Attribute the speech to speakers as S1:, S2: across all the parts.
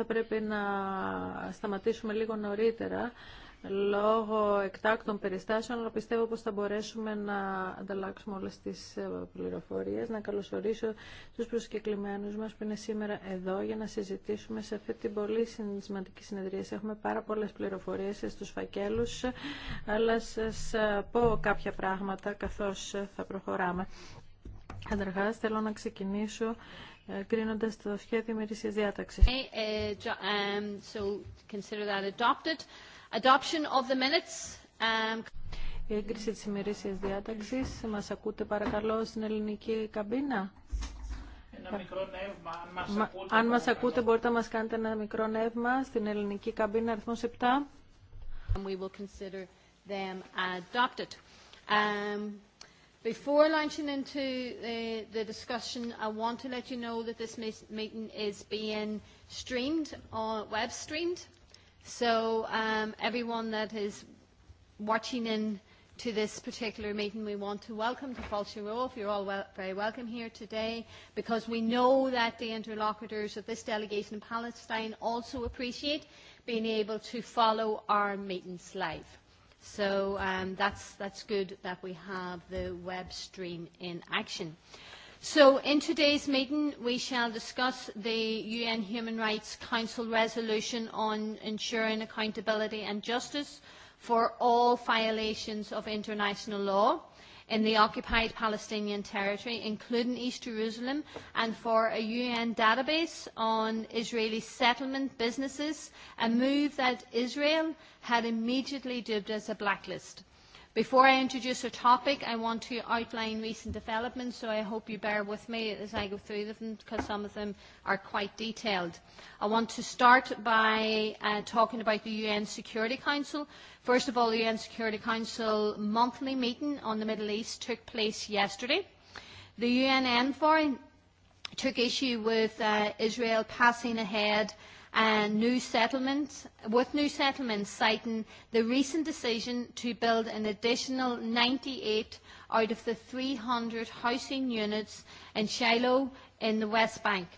S1: θα πρέπει να σταματήσουμε λίγο νωρίτερα λόγω εκτάκτων περιστάσεων, αλλά πιστεύω πως θα μπορέσουμε να ανταλλάξουμε όλες τις ε, πληροφορίες, να καλωσορίσω τους προσκεκλημένους μας που είναι σήμερα εδώ για να συζητήσουμε σε αυτή την πολύ σημαντική συνεδρία. Έχουμε πάρα πολλές πληροφορίες στους φακέλους, αλλά σας ε, πω κάποια πράγματα καθώς ε, θα προχωράμε. Καταρχά θέλω να ξεκινήσω ε, κρίνοντας το σχέδιο μερικής διάταξης. Η έγκριση της ημερήσιας διάταξης. Μας ακούτε παρακαλώ στην ελληνική καμπίνα. Ένα
S2: μικρό νεύμα. Αν μας, Μα, ακούτε, αν μας ακούτε
S1: μπορείτε να μας κάνετε ένα μικρό νεύμα στην ελληνική καμπίνα αριθμός 7.
S3: And we will consider them adopted. Um, Before launching into the, discussion, I want to let you know that this meeting is being streamed, or web streamed. So everyone that is watching in to this particular meeting, we want to welcome to You You're all very welcome here today because we know that the interlocutors of this delegation in Palestine also appreciate being able to follow our meetings live. So that's that's good that we have the web stream in action. So in today's meeting we shall discuss the UN Human Rights Council resolution on ensuring accountability and justice for all violations of international law in the occupied Palestinian territory, including East Jerusalem, and for a UN database on Israeli settlement businesses, a move that Israel had immediately dubbed as a blacklist. Before I introduce a topic, I want to outline recent developments, so I hope you bear with me as I go through them, because some of them are quite detailed. I want to start by talking about the UN Security Council. First of all, the UN Security Council monthly meeting on the Middle East took place yesterday. The UN envoy took issue with Israel passing ahead new settlements, with new settlements citing the recent decision to build an additional 98 out of the 300 housing units in Shiloh in the West Bank.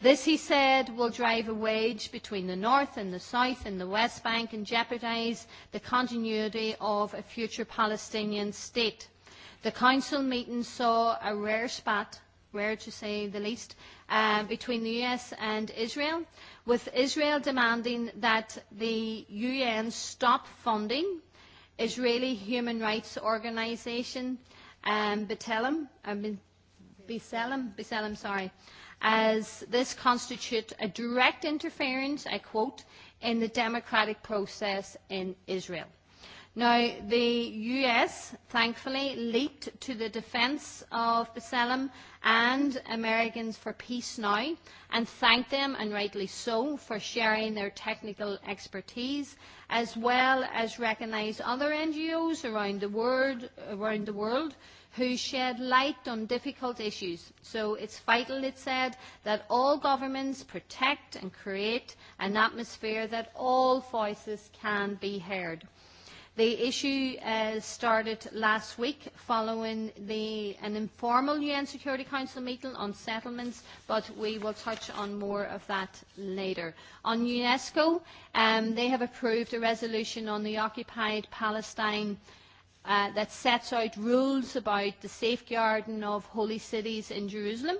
S3: This, he said, will drive a wage between the north and the south and the West Bank and jeopardise the continuity of a future Palestinian state. The council meeting saw a rare spat, rare to say the least, between the US and Israel with Israel demanding that the UN stop funding Israeli human rights organisation B'Tselem, B'Tselem, sorry, as this constitutes a direct interference, I quote, in the democratic process in Israel. Now, the US, thankfully, leaped to the defence of B'Tselem and Americans for Peace Now and thanked them, and rightly so, for sharing their technical expertise, as well as recognise other NGOs around the world, around the world who shed light on difficult issues. So it's vital, it said, that all governments protect and create an atmosphere that all voices can be heard. The issue started last week following an informal UN Security Council meeting on settlements, but we will touch on more of that later. On UNESCO, they have approved a resolution on the occupied Palestine that sets out rules about the safeguarding of holy cities in Jerusalem.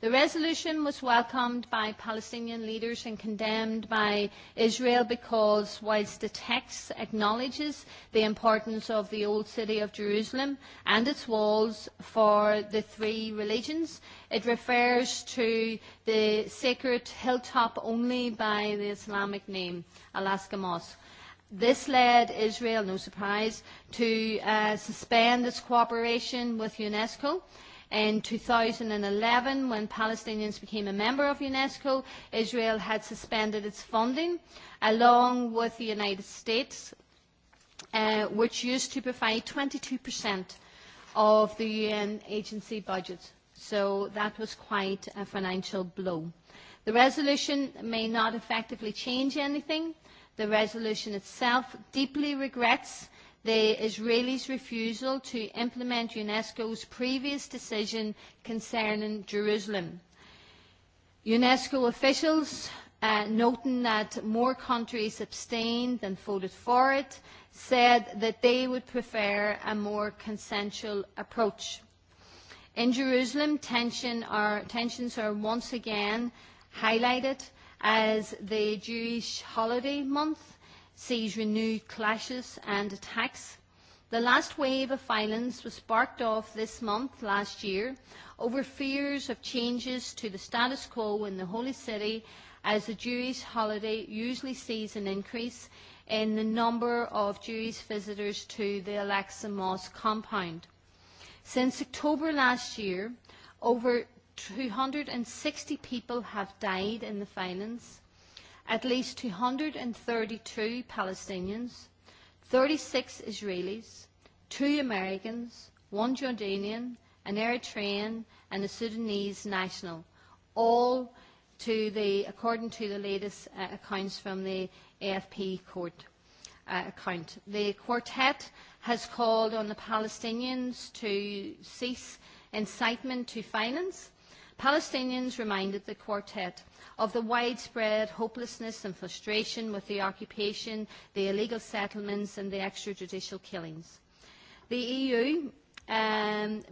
S3: The resolution was welcomed by Palestinian leaders and condemned by Israel because whilst the text acknowledges the importance of the old city of Jerusalem and its walls for the three religions, it refers to the sacred hilltop only by the Islamic name, Alaska Mosque. This led Israel, no surprise, to suspend its cooperation with UNESCO In 2011, when Palestinians became a member of UNESCO, Israel had suspended its funding, along with the United States, which used to provide 22% of the UN agency budget. So that was quite a financial blow. The resolution may not effectively change anything. The resolution itself deeply regrets the Israelis' refusal to implement UNESCO's previous decision concerning Jerusalem. UNESCO officials, noting that more countries abstained than voted for it, said that they would prefer a more consensual approach. In Jerusalem, tensions are once again highlighted as the Jewish holiday month sees renewed clashes and attacks. The last wave of violence was sparked off this month last year over fears of changes to the status quo in the Holy City as the Jewish holiday usually sees an increase in the number of Jewish visitors to the Alexa Mosque compound. Since October last year, over 260 people have died in the violence at least 232 Palestinians, 36 Israelis, two Americans, one Jordanian, an Eritrean and a Sudanese national, all to the, according to the latest accounts from the AFP court account. The quartet has called on the Palestinians to cease incitement to violence Palestinians reminded the quartet of the widespread hopelessness and frustration with the occupation, the illegal settlements and the extrajudicial killings. The EU making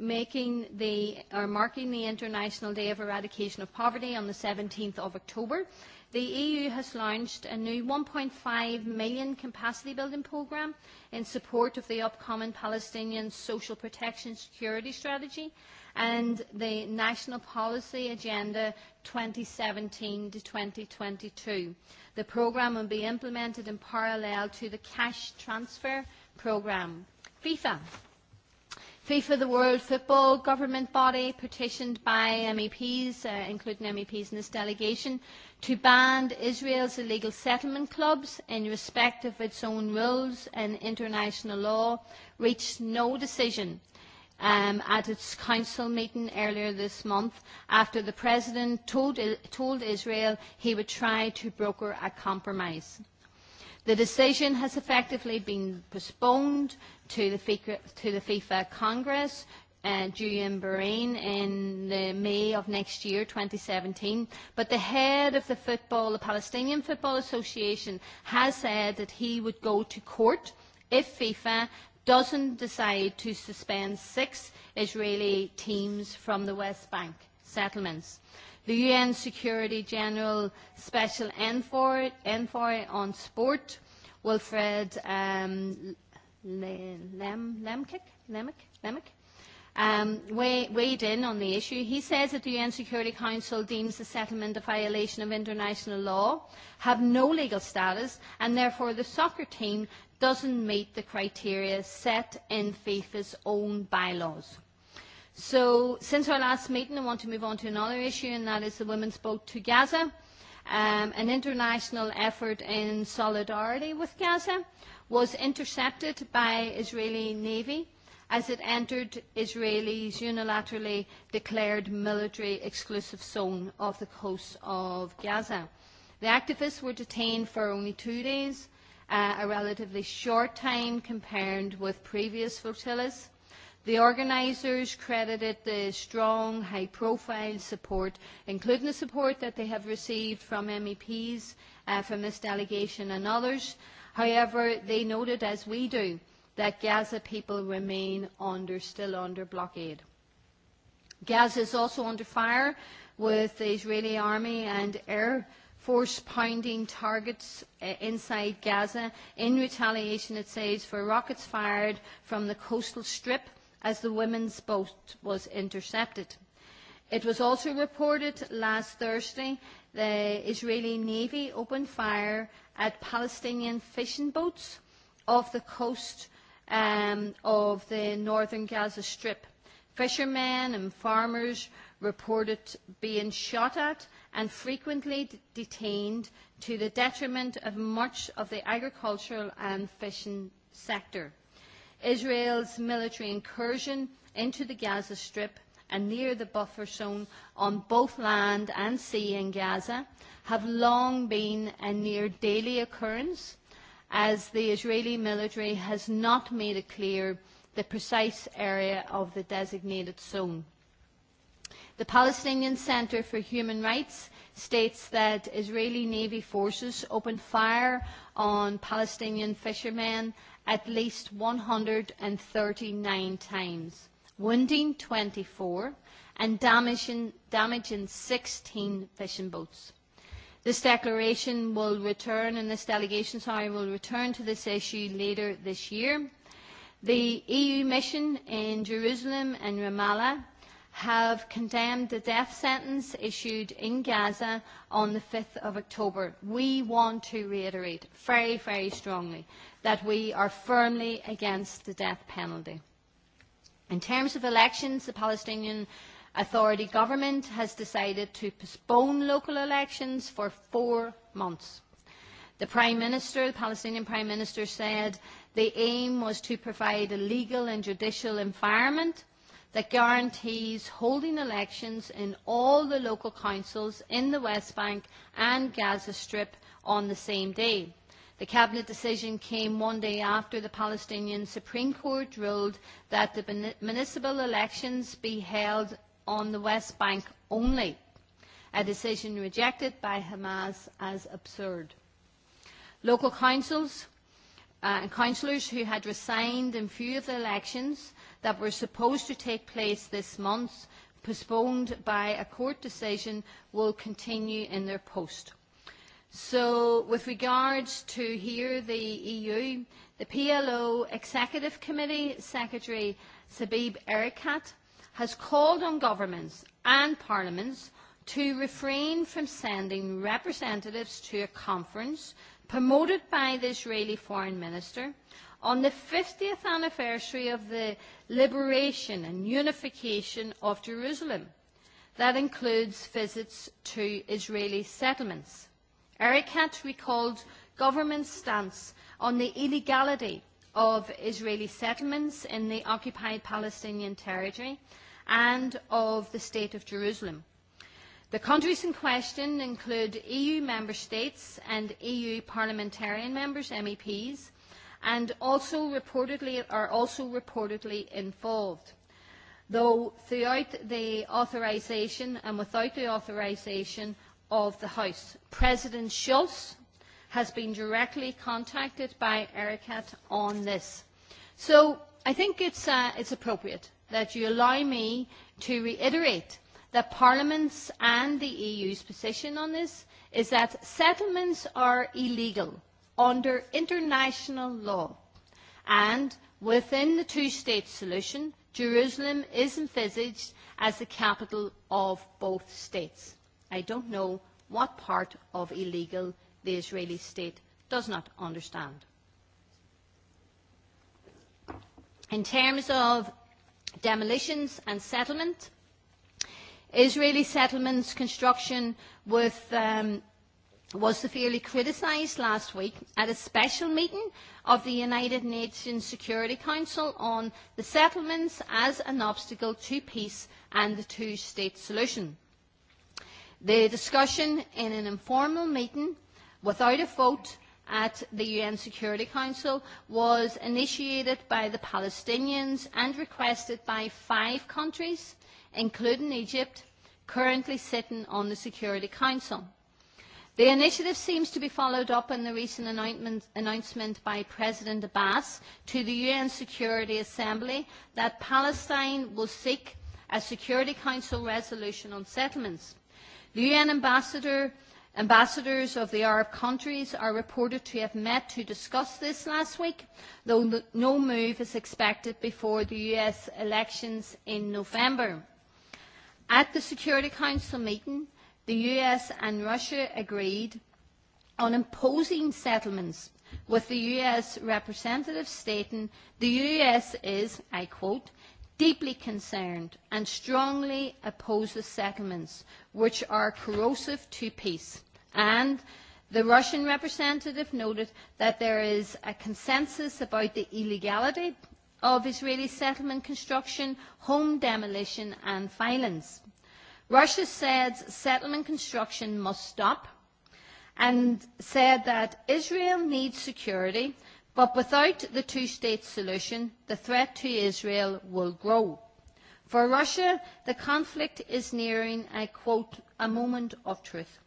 S3: marking the International Day of Eradication of Poverty on the 17th of October the EU has launched a new 1.5 million capacity building programme in support of the upcoming Palestinian Social Protection Security Strategy and the National Policy Agenda 2017 to 2022. The programme will be implemented in parallel to the cash transfer programme. FIFA. FIFA, the World Football Government Body, petitioned by MEPs, including MEPs in this delegation, to ban Israel's illegal settlement clubs in respect of its own rules and international law, reached no decision at its council meeting earlier this month after the president told Israel he would try to broker a compromise. The decision has effectively been postponed to the FIFA Congress, due in Bahrain in the May of next year, 2017. But the head of the football, the Palestinian Football Association, has said that he would go to court if FIFA doesn't decide to suspend six Israeli teams from the West Bank settlements. The UN Security General Special Envoy on Sport, Wilfred weigh weighed in on the issue. He says that the UN Security Council deems the settlement a violation of international law, have no legal status, and therefore the soccer team doesn't meet the criteria set in FIFA's own bylaws. So since our last meeting, I want to move on to another issue, and that is the women's boat to Gaza an international effort in solidarity with Gaza was intercepted by Israeli Navy as it entered Israeli's unilaterally declared military exclusive zone off the coast of Gaza. The activists were detained for only two days, a relatively short time compared with previous flotillas. The organisers credited the strong, high-profile support, including the support that they have received from MEPs, from this delegation and others. However, they noted, as we do, that Gaza people remain still under blockade. Gaza is also under fire, with the Israeli army and air force pounding targets inside Gaza in retaliation, it says, for rockets fired from the coastal strip as the women's boat was intercepted. It was also reported last Thursday the Israeli Navy opened fire at Palestinian fishing boats off the coast of the northern Gaza Strip. Fishermen and farmers reported being shot at and frequently detained to the detriment of much of the agricultural and fishing sector. Israel's military incursion into the Gaza Strip and near the buffer zone on both land and sea in Gaza have long been a near daily occurrence, as the Israeli military has not made it clear the precise area of the designated zone. The Palestinian Center for Human Rights states that Israeli Navy forces opened fire on Palestinian fishermen at least 139 times, wounding 24 and damaging 16 fishing boats. This declaration will return, and this delegation, sorry, will return to this issue later this year. The EU mission in Jerusalem and Ramallah have condemned the death sentence issued in Gaza on the 5th of October. We want to reiterate very, very strongly that we are firmly against the death penalty. In terms of elections, the Palestinian Authority government has decided to postpone local elections for four months. The Prime Minister, the Palestinian Prime Minister, said the aim was to provide a legal and judicial environment that guarantees holding elections in all the local councils in the West Bank and Gaza Strip on the same day. The Cabinet decision came one day after the Palestinian Supreme Court ruled that the municipal elections be held on the West Bank only, a decision rejected by Hamas as absurd. Local councils and councillors who had resigned in few of the elections that were supposed to take place this month, postponed by a court decision, will continue in their post. So with regards to here the EU, the PLO Executive Committee Secretary Sabib Erekat has called on governments and parliaments to refrain from sending representatives to a conference promoted by the Israeli Foreign Minister on the 50th anniversary of the liberation and unification of Jerusalem. That includes visits to Israeli settlements. Erekat recalled government's stance on the illegality of Israeli settlements in the occupied Palestinian territory and of the State of Jerusalem. The countries in question include EU member states and EU parliamentarian members, MEPs, and also reportedly are also reportedly involved. Though throughout the authorisation and without the authorisation of the House, President Schulz has been directly contacted by ERICAT on this. So I think it's it's appropriate that you allow me to reiterate that Parliament's and the EU's position on this is that settlements are illegal under international law. And within the two-state solution, Jerusalem is envisaged as the capital of both states. I don't know what part of illegal the Israeli state does not understand. In terms of demolitions and settlement, Israeli settlements construction with was severely criticised last week at a special meeting of the United Nations Security Council on the settlements as an obstacle to peace and the two-state solution. The discussion in an informal meeting without a vote at the UN Security Council was initiated by the Palestinians and requested by five countries, including Egypt, currently sitting on the Security Council. The initiative seems to be followed up in the recent announcement by President Abbas to the UN Security Assembly that Palestine will seek a Security Council resolution on settlements. The UN ambassadors of the Arab countries are reported to have met to discuss this last week, though no move is expected before the US elections in November. At the Security Council meeting, the US and Russia agreed on imposing settlements, with the US representative stating the US is, I quote, deeply concerned and strongly opposes settlements which are corrosive to peace. And the Russian representative noted that there is a consensus about the illegality of Israeli settlement construction, home demolition and violence. Russia said settlement construction must stop and said that Israel needs security, but without the two-state solution, the threat to Israel will grow. For Russia, the conflict is nearing, I quote, a moment of truth.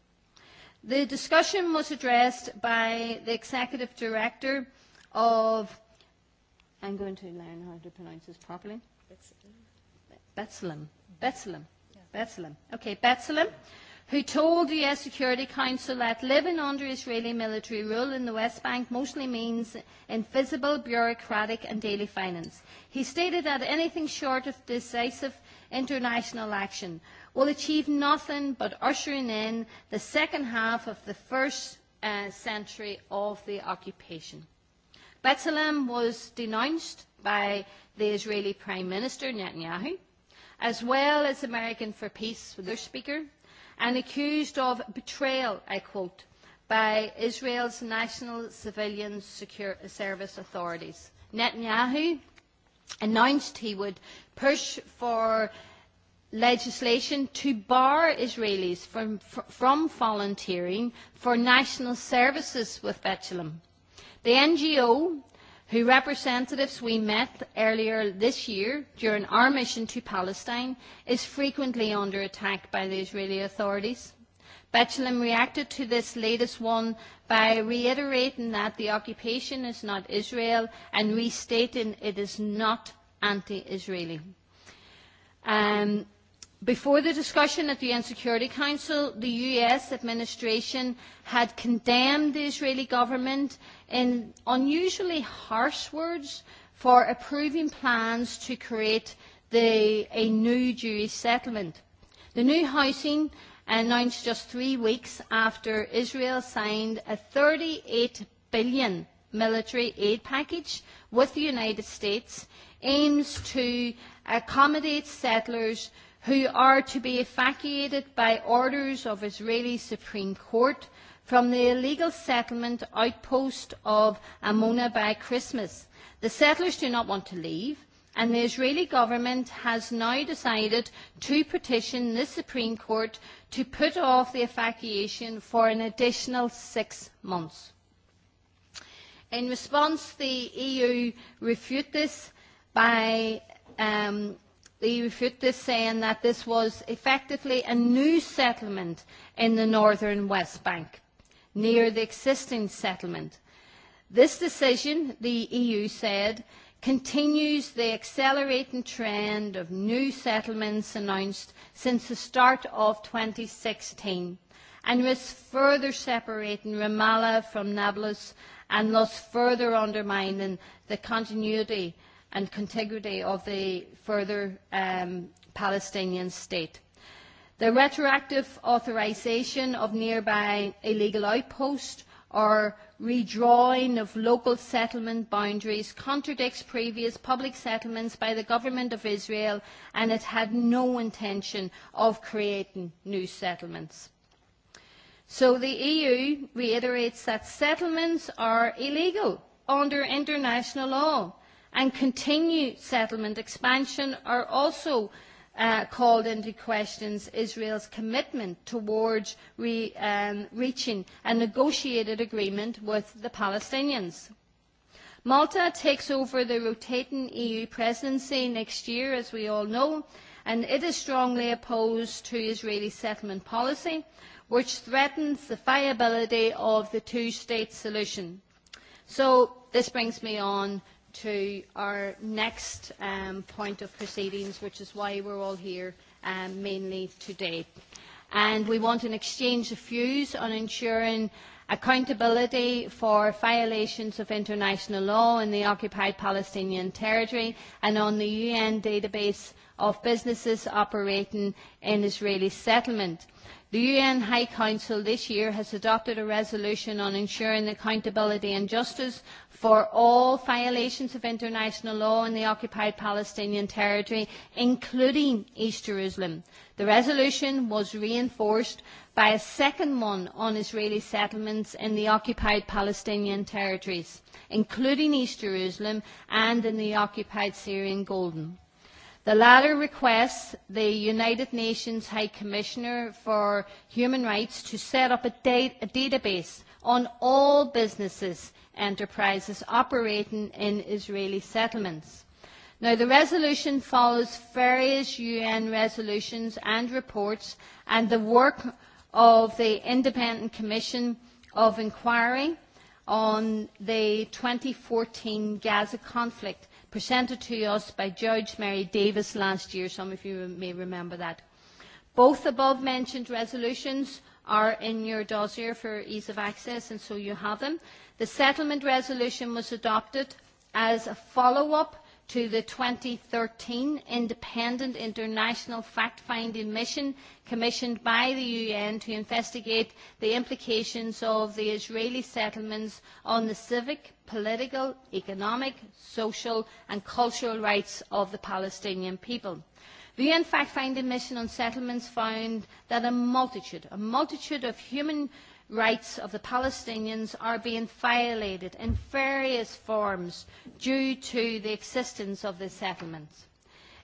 S3: The discussion was addressed by the executive director of, I'm going to learn how to pronounce this properly, Bethlehem. Betzalem. Okay, who told the U.S. Security Council that living under Israeli military rule in the West Bank mostly means invisible bureaucratic and daily finance. He stated that anything short of decisive international action will achieve nothing but ushering in the second half of the first century of the occupation. Betzalem was denounced by the Israeli Prime Minister Netanyahu as well as American for Peace, their speaker, and accused of betrayal, I quote, by Israel's national civilian service authorities. Netanyahu announced he would push for legislation to bar Israelis from volunteering for national services with Betulim. The NGO who representatives we met earlier this year during our mission to Palestine, is frequently under attack by the Israeli authorities. Bethlehem reacted to this latest one by reiterating that the occupation is not Israel and restating it is not anti-Israeli. Before the discussion at the UN Security Council, the US administration had condemned the Israeli government in unusually harsh words for approving plans to create a new Jewish settlement. The new housing announced just three weeks after Israel signed a 38 billion military aid package with the United States aims to accommodate settlers who are to be evacuated by orders of Israeli Supreme Court from the illegal settlement outpost of Amona by Christmas. The settlers do not want to leave, and the Israeli government has now decided to petition the Supreme Court to put off the evacuation for an additional six months. In response, the EU refuted this by refute this saying that this was effectively a new settlement in the northern West Bank near the existing settlement. This decision, the EU said, continues the accelerating trend of new settlements announced since the start of 2016 and risks further separating Ramallah from Nablus and thus further undermining the continuity and contiguity of the further Palestinian state. The retroactive authorisation of nearby illegal outposts or redrawing of local settlement boundaries contradicts previous public settlements by the government of Israel and it had no intention of creating new settlements. So the EU reiterates that settlements are illegal under international law and continued settlement expansion are also called into question Israel's commitment towards reaching a negotiated agreement with the Palestinians. Malta takes over the rotating EU presidency next year, as we all know, and it is strongly opposed to Israeli settlement policy, which threatens the viability of the two-state solution. So this brings me on to our next point of proceedings, which is why we're all here mainly today. And we want an exchange of views on ensuring accountability for violations of international law in the occupied Palestinian territory and on the UN database of businesses operating in Israeli settlement. The UN High Council this year has adopted a resolution on ensuring accountability and justice for all violations of international law in the occupied Palestinian territory, including East Jerusalem. The resolution was reinforced by a second one on Israeli settlements in the occupied Palestinian territories, including East Jerusalem and in the occupied Syrian Golden. The latter requests the United Nations High Commissioner for Human Rights to set up a database on all businesses enterprises operating in Israeli settlements. Now, the resolution follows various UN resolutions and reports and the work of the Independent Commission of Inquiry on the 2014 Gaza conflict presented to us by Judge Mary Davis last year. Some of you may remember that. Both above-mentioned resolutions are in your dossier for ease of access, and so you have them. The settlement resolution was adopted as a follow-up to the 2013 Independent International Fact-Finding Mission commissioned by the UN to investigate the implications of the Israeli settlements on the civic, political, economic, social and cultural rights of the Palestinian people. The UN Fact-Finding Mission on Settlements found that a multitude, a multitude of human rights of the Palestinians are being violated in various forms due to the existence of the settlement.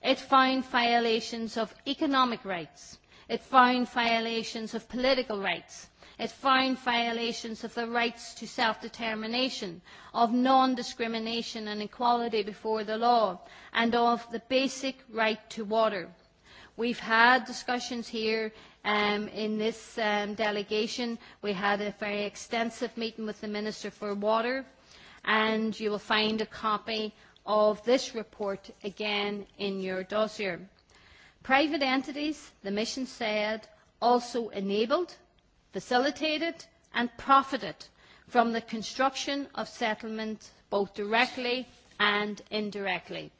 S3: It found violations of economic rights. It found violations of political rights. It found violations of the rights to self-determination, of non-discrimination and equality before the law, and of the basic right to water. We've had discussions here In this delegation, we had a very extensive meeting with the Minister for Water, and you will find a copy of this report again in your dossier. Private entities, the mission said, also enabled, facilitated and profited from the construction of settlements both directly and indirectly.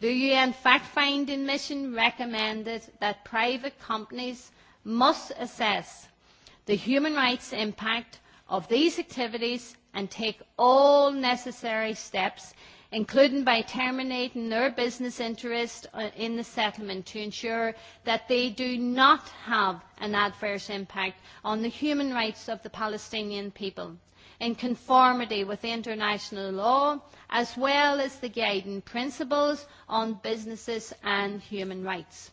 S3: The UN fact-finding mission recommended that private companies must assess the human rights impact of these activities and take all necessary steps, including by terminating their business interest in the settlement to ensure that they do not have an adverse impact on the human rights of the Palestinian people, in conformity with international law, as well as the guiding principles on businesses and human rights.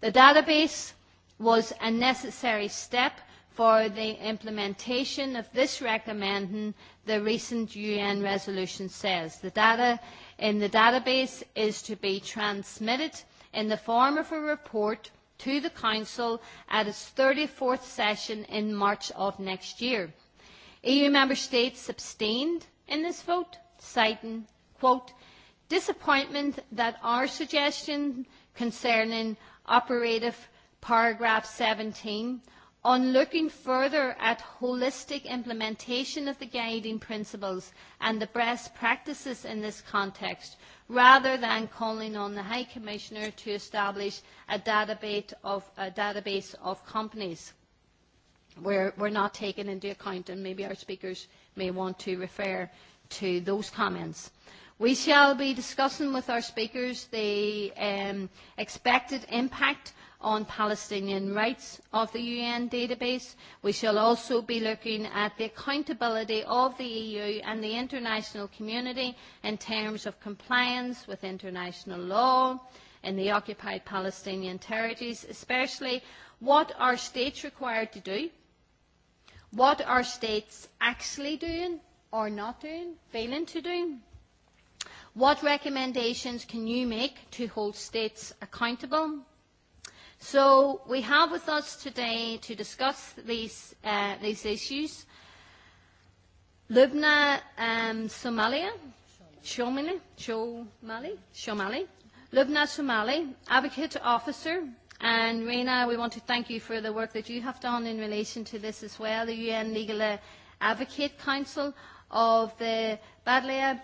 S3: The database was a necessary step for the implementation of this recommendation, the recent UN resolution says. The data in the database is to be transmitted in the form of a report to the Council at its 34th session in March of next year. EU member states abstained in this vote, citing, quote, disappointment that our suggestion concerning operative paragraph 17, on looking further at holistic implementation of the guiding principles and the best practices in this context, rather than calling on the High Commissioner to establish a database of companies. We're not taken into account, and maybe our speakers may want to refer to those comments. We shall be discussing with our speakers the expected impact on Palestinian rights of the UN database. We shall also be looking at the accountability of the EU and the international community in terms of compliance with international law in the occupied Palestinian territories, especially what are states required to do, what are states actually doing or not doing, failing to do, what recommendations can you make to hold states accountable, So we have with us today to discuss these these issues Lubna Somalia, Shomali, Shomali, Lubna Somali, Advocate Officer, and Reina, we want to thank you for the work that you have done in relation to this as well, the UN Legal Advocate Council of the Badlea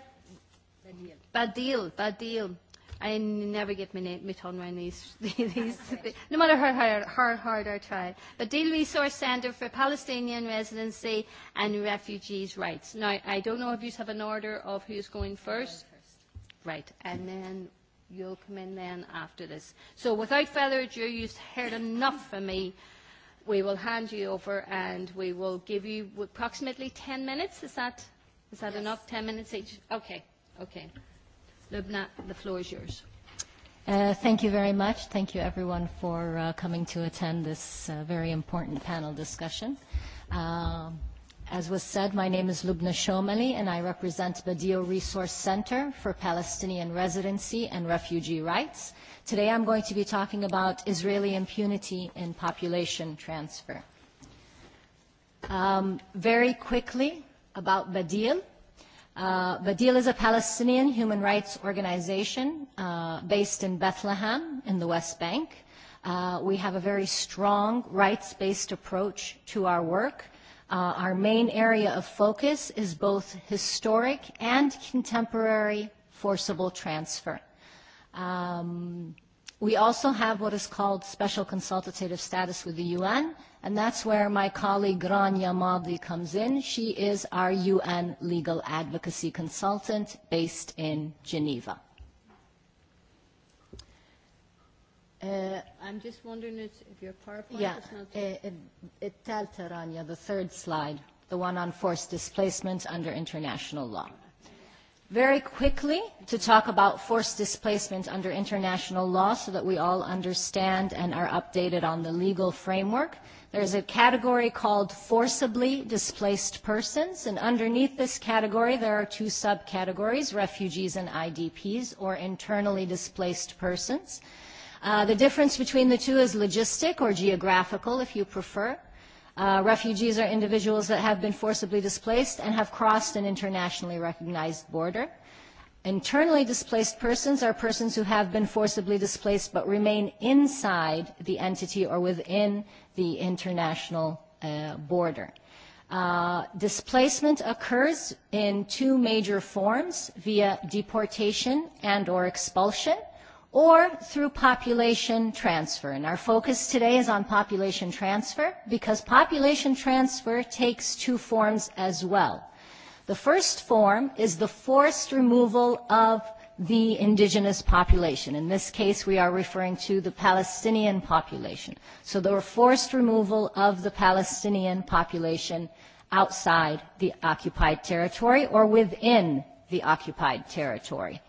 S3: Badil, Badil, I never get my, my tongue around these, these no matter how hard, hard I try. But Deal Resource Centre for Palestinian Residency and Refugees' Rights. Now, I don't know if you have an order of who's going first. Right, and then you'll come in then after this. So without further ado, you've heard enough from me. We will hand you over and we will give you approximately 10 minutes. Is that, is that enough? 10 minutes each? Okay, okay. Lubna, the floor is yours.
S4: Thank you very much. Thank you, everyone, for coming to attend this very important panel discussion. As was said, my name is Lubna Shomali, and I represent Dio Resource Center for Palestinian Residency and Refugee Rights. Today, I'm going to be talking about Israeli impunity in population transfer. Very quickly about Badil. Badil is a Palestinian human rights organization based in Bethlehem in the West Bank. We have a very strong rights-based approach to our work. Our main area of focus is both historic and contemporary forcible transfer. Um We also have what is called special consultative status with the UN, and that's where my colleague Rania Madli comes in. She is our UN legal advocacy consultant based in Geneva. I'm
S3: just wondering if your
S4: PowerPoint is not... It, Rania, the third slide, the one on forced displacement under international law very quickly to talk about forced displacement under international law so that we all understand and are updated on the legal framework. There is a category called forcibly displaced persons, and underneath this category there are two subcategories, refugees and IDPs, or internally displaced persons. The difference between the two is logistic or geographical, if you prefer. Refugees are individuals that have been forcibly displaced and have crossed an internationally recognized border. Internally displaced persons are persons who have been forcibly displaced but remain inside the entity or within the international border. Displacement occurs in two major forms, via deportation and or expulsion or through population transfer. And our focus today is on population transfer because population transfer takes two forms as well. The first form is the forced removal of the indigenous population. In this case, we are referring to the Palestinian population. So the forced removal of the Palestinian population outside the occupied territory or within the occupied territory.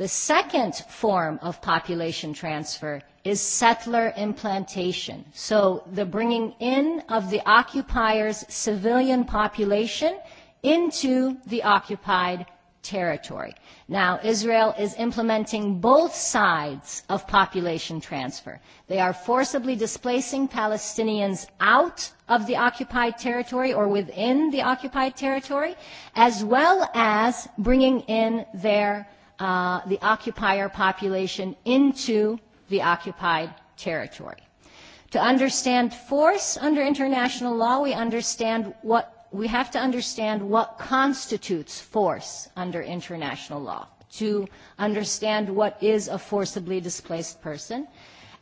S4: The second form of population transfer is settler implantation. So the bringing in of the occupier's civilian population into the occupied territory. Now, Israel is implementing both sides of population transfer. They are forcibly displacing Palestinians out of the occupied territory or within the occupied territory, as well as bringing in their the occupier population into the occupied territory. To understand force under international law, we understand what we have to understand what constitutes force under international law, to understand what is a forcibly displaced person.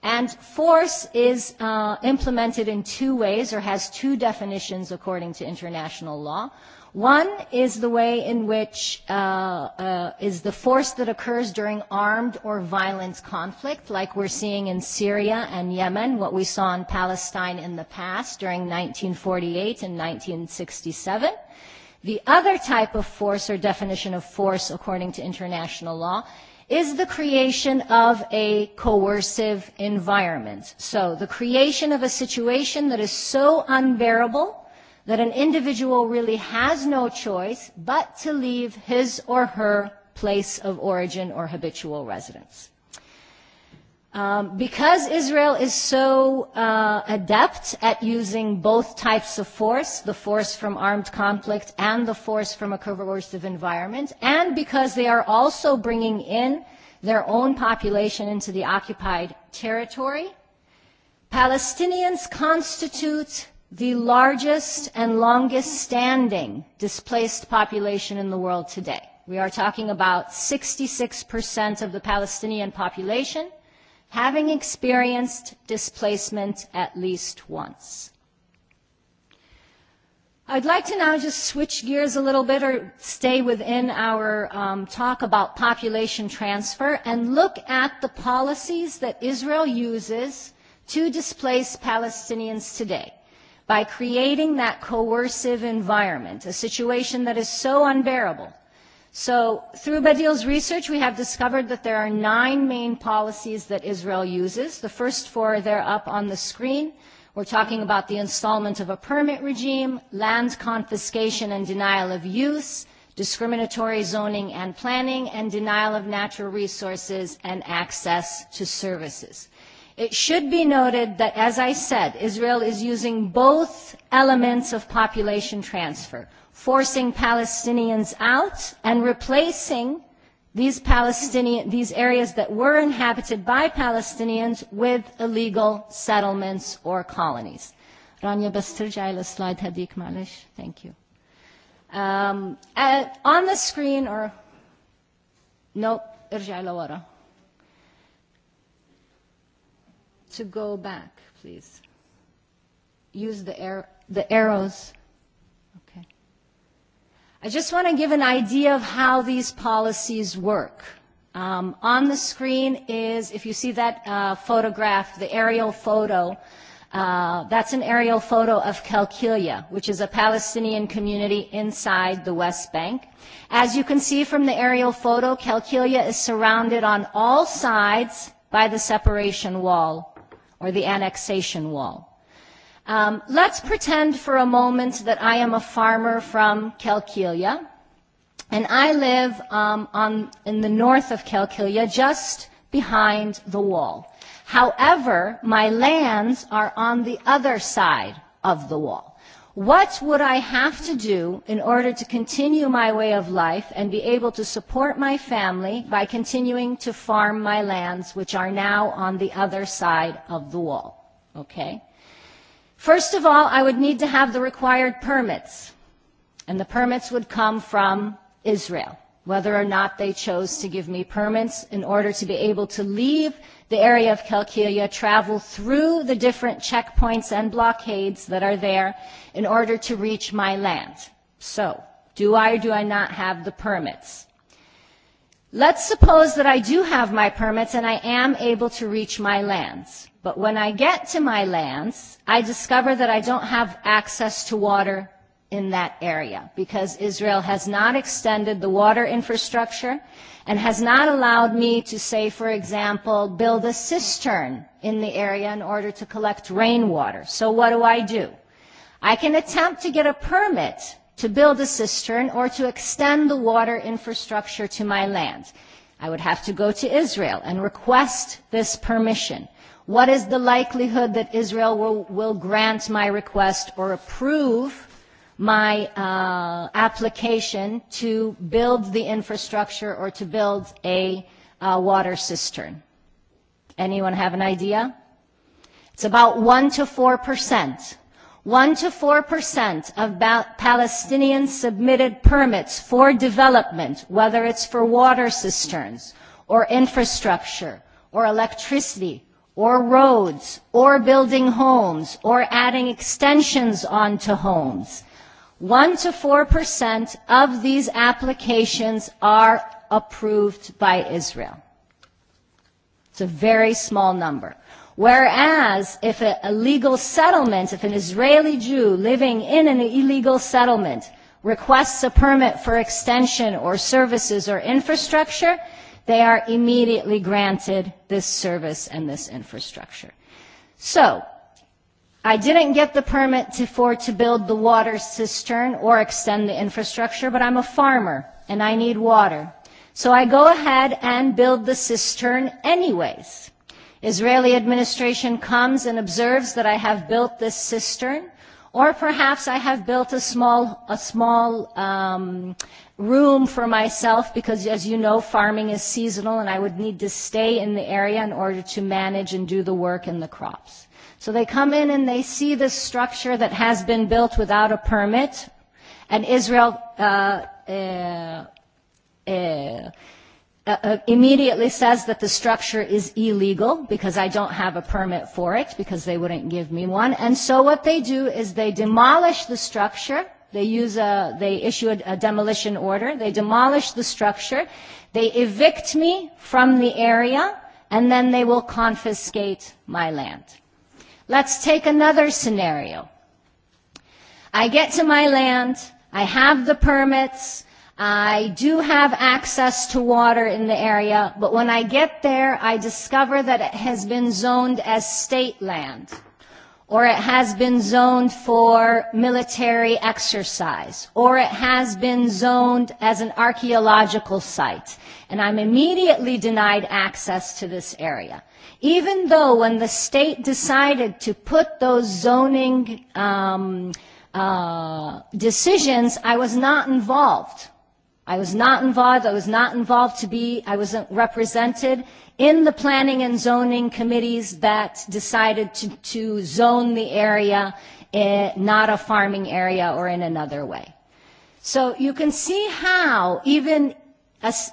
S4: And force is implemented in two ways or has two definitions according to international law. One is the way in which is the force that occurs during armed or violent conflict, like we're seeing in Syria and Yemen, what we saw in Palestine in the past during 1948 and 1967. The other type of force or definition of force, according to international law, is the creation of a coercive environment. So the creation of a situation that is so unbearable that an individual really has no choice but to leave his or her place of origin or habitual residence. Because Israel is so adept at using both types of force, the force from armed conflict and the force from a coercive environment, and because they are also bringing in their own population into the occupied territory, Palestinians constitute the largest and longest standing displaced population in the world today. We are talking about 66% of the Palestinian population having experienced displacement at least once. I'd like to now just switch gears a little bit or stay within our talk about population transfer and look at the policies that Israel uses to displace Palestinians today by creating that coercive environment, a situation that is so unbearable. So through Badil's research, we have discovered that there are nine main policies that Israel uses. The first four, they're up on the screen. We're talking about the installment of a permit regime, land confiscation and denial of use, discriminatory zoning and planning, and denial of natural resources and access to services. It should be noted that, as I said, Israel is using both elements of population transfer, forcing Palestinians out and replacing these areas that were inhabited by Palestinians with illegal settlements or colonies. Rania, slide Hadik Malish. Thank you. On the screen or... Nope, Irjaila Wara. to go back, please. Use the the arrows. Okay. I just want to give an idea of how these policies work. On the screen is, if you see that photograph, the aerial photo, uh that's an aerial photo of Kalkilia, which is a Palestinian community inside the West Bank. As you can see from the aerial photo, Kalkilia is surrounded on all sides by the separation wall or the annexation wall. Let's pretend for a moment that I am a farmer from Kalkilia, and I live on in the north of Kalkilia, just behind the wall. However, my lands are on the other side of the wall. What would I have to do in order to continue my way of life and be able to support my family by continuing to farm my lands, which are now on the other side of the wall? Okay. First of all, I would need to have the required permits, and the permits would come from Israel, whether or not they chose to give me permits in order to be able to leave the area of Kalkilia, travel through the different checkpoints and blockades that are there in order to reach my land. So, do I or do I not have the permits? Let's suppose that I do have my permits and I am able to reach my lands. But when I get to my lands, I discover that I don't have access to water in that area because Israel has not extended the water infrastructure and has not allowed me to say, for example, build a cistern in the area in order to collect rainwater. So what do I do? I can attempt to get a permit to build a cistern or to extend the water infrastructure to my land. I would have to go to Israel and request this permission. What is the likelihood that Israel will grant my request or approve my application to build the infrastructure or to build a water cistern. Anyone have an idea? It's about 1 to 4%. 1 to 4% of Palestinian submitted permits for development, whether it's for water cisterns or infrastructure or electricity or roads or building homes or adding extensions onto homes 1 to 4% of these applications are approved by Israel. It's a very small number. Whereas if a legal settlement, if an Israeli Jew living in an illegal settlement requests a permit for extension or services or infrastructure, they are immediately granted this service and this infrastructure. So I didn't get the permit for to build the water cistern or extend the infrastructure, but I'm a farmer and I need water. So I go ahead and build the cistern anyways. Israeli administration comes and observes that I have built this cistern, or perhaps I have built a small a small room for myself because, as you know, farming is seasonal and I would need to stay in the area in order to manage and do the work in the crops. So they come in and they see this structure that has been built without a permit, and Israel immediately says that the structure is illegal because I don't have a permit for it because they wouldn't give me one. And so what they do is they demolish the structure. They use they issue a demolition order. They demolish the structure. They evict me from the area, and then they will confiscate my land. Let's take another scenario. I get to my land, I have the permits, I do have access to water in the area, but when I get there, I discover that it has been zoned as state land, or it has been zoned for military exercise, or it has been zoned as an archaeological site, and I'm immediately denied access to this area even though when the state decided to put those zoning decisions, I was not involved. I was not involved. I was not involved to be, I wasn't represented in the planning and zoning committees that decided to zone the area, not a farming area or in another way. So you can see how even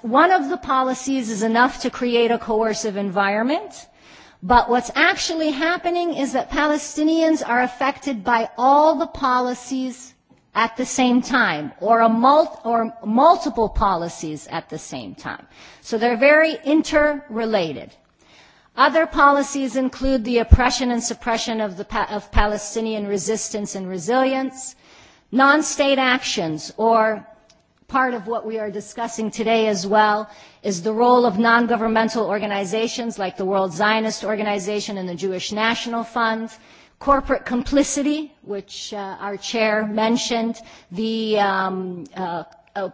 S4: one of the policies is enough to create a coercive environment But what's actually happening is that Palestinians are affected by all the policies at the same time or a or multiple policies at the same time. So they're very interrelated. Other policies include the oppression and suppression of the of Palestinian resistance and resilience, non-state actions or part of what we are discussing today as well is the role of non-governmental organizations like the World Zionist Organization and the Jewish National Fund, corporate complicity, which our chair mentioned, the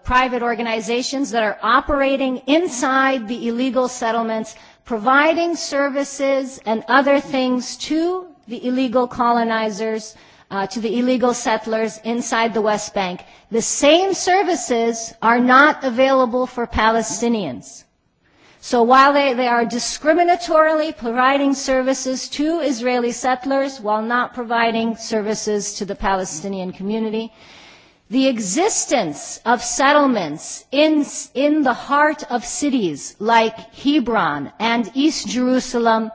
S4: private organizations that are operating inside the illegal settlements, providing services and other things to the illegal colonizers to the illegal settlers inside the West Bank. The same services are not available for Palestinians. So while they are discriminatorily providing services to Israeli settlers while not providing services to the Palestinian community, the existence of settlements in the heart of cities like Hebron and East Jerusalem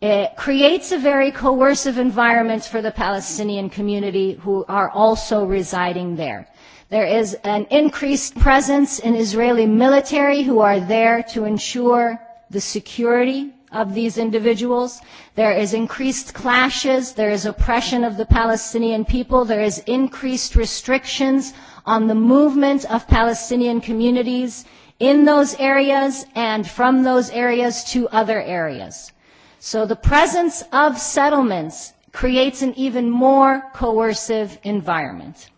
S4: It creates a very coercive environment for the Palestinian community who are also residing there. There is an increased presence in Israeli military who are there to ensure the security of these individuals. There is increased clashes. There is oppression of the Palestinian people. There is increased restrictions on the movement of Palestinian communities in those areas and from those areas to other areas. So the presence of settlements creates an even more coercive environment.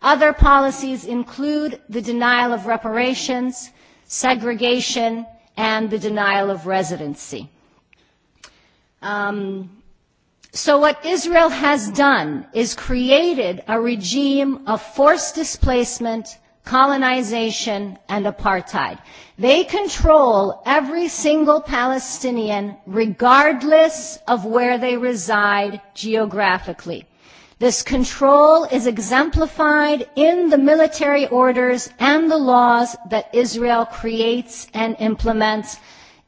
S4: Other policies include the denial of reparations, segregation, and the denial of residency. So what Israel has done is created a regime of forced displacement colonization, and apartheid. They control every single Palestinian regardless of where they reside geographically. This control is exemplified in the military orders and the laws that Israel creates and implements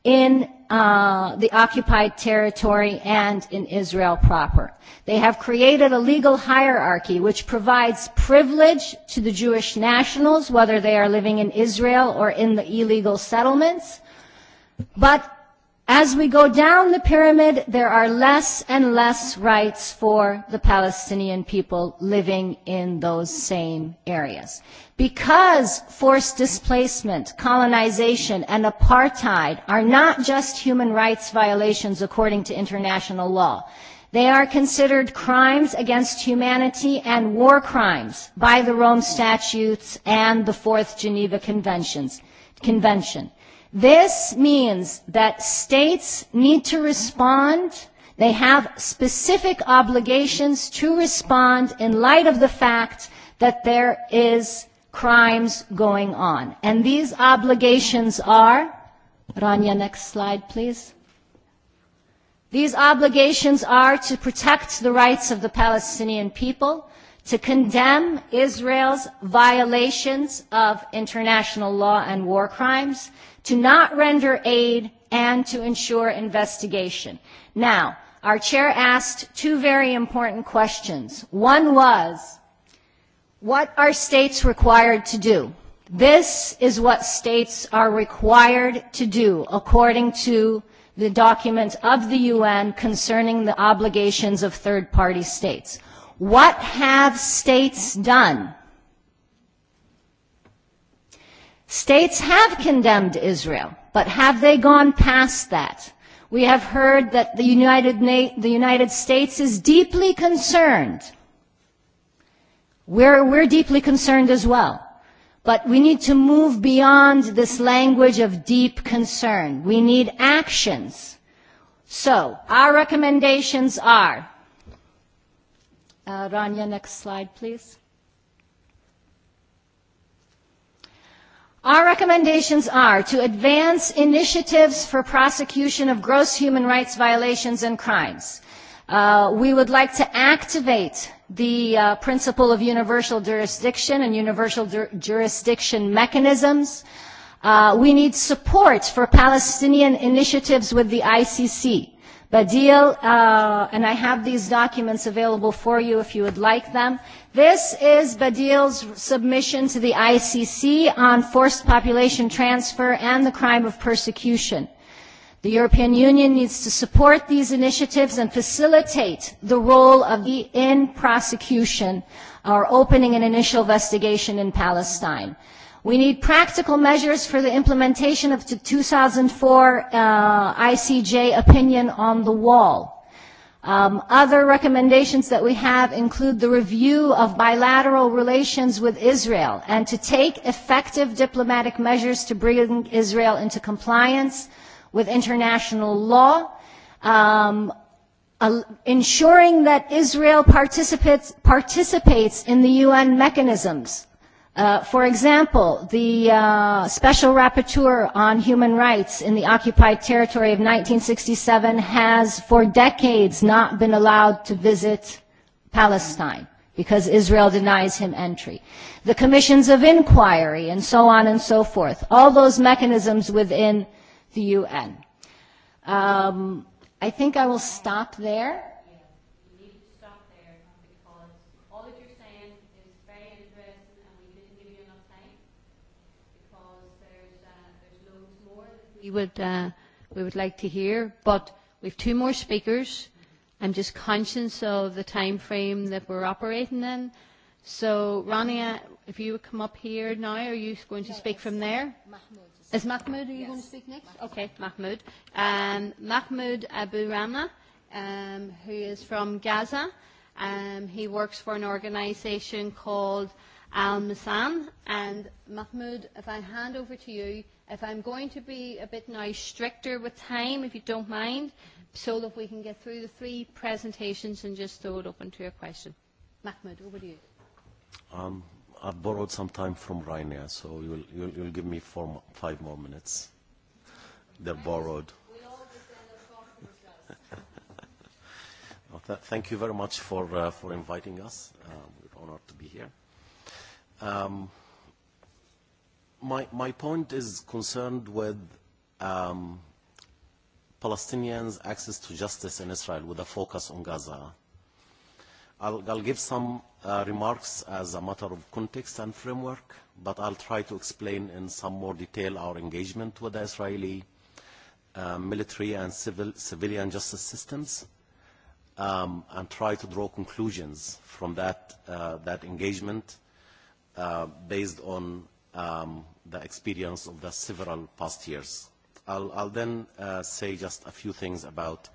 S4: in the occupied territory and in Israel proper. They have created a legal hierarchy which provides privilege to the Jewish nationals, whether they are living in Israel or in the illegal settlements, but As we go down the pyramid, there are less and less rights for the Palestinian people living in those same areas. Because forced displacement, colonization, and apartheid are not just human rights violations according to international law. They are considered crimes against humanity and war crimes by the Rome Statutes and the Fourth Geneva Conventions. Convention. This means that states need to respond. They have specific obligations to respond in light of the fact that there is crimes going on. And these obligations are, Rania, next slide, please. These obligations are to protect the rights of the Palestinian people, to condemn Israel's violations of international law and war crimes, to not render aid and to ensure investigation. Now, our chair asked two very important questions. One was, what are states required to do? This is what states are required to do according to the document of the UN concerning the obligations of third-party states. What have states done? States have condemned Israel, but have they gone past that? We have heard that the United States is deeply concerned. We're deeply concerned as well. But we need to move beyond this language of deep concern. We need actions. So, our recommendations are. Rania, next slide, please. Our recommendations are to advance initiatives for prosecution of gross human rights violations and crimes. We would like to activate the principle of universal jurisdiction and universal jurisdiction mechanisms. We need support for Palestinian initiatives with the ICC. Badil, and I have these documents available for you if you would like them. This is Badil's submission to the ICC on forced population transfer and the crime of persecution. The European Union needs to support these initiatives and facilitate the role of the in prosecution or opening an initial investigation in Palestine. We need practical measures for the implementation of the 2004 ICJ opinion on the wall. Other recommendations that we have include the review of bilateral relations with Israel and to take effective diplomatic measures to bring Israel into compliance with international law, ensuring that Israel participates in the UN mechanisms For example, the Special Rapporteur on Human Rights in the Occupied Territory of 1967 has for decades not been allowed to visit Palestine because Israel denies him entry. The commissions of inquiry and so on and so forth, all those mechanisms within the UN. I think I will stop there.
S3: we would we would like to hear. But we have two more speakers. I'm just conscious of the time frame that we're operating in. So, Rania, if you would come up here now, are you going to speak from there? Is Mahmoud, are you going to speak next? Okay, Mahmoud. Um, Mahmoud Abu Rama, um, who is from Gaza. Um, he works for an organisation called Al-Masan. And Mahmoud, if I hand over to you, If I'm going to be a bit now stricter with time, if you don't mind, so that we can get through the three presentations and just throw it open to your question. Mahmoud, over to you.
S2: Um, I've borrowed some time from Rainer, so you'll, you'll, you'll give me four, five more minutes. They're borrowed. Thank you very much for, for inviting us. we're honored to be here. Um, My point is concerned with Palestinians' access to justice in Israel, with a focus on Gaza. I'll give some remarks as a matter of context and framework, but I'll try to explain in some more detail our engagement with the Israeli military and civilian justice systems, and try to draw conclusions from that engagement based on the experience of the several past years. I'll then say just a few things about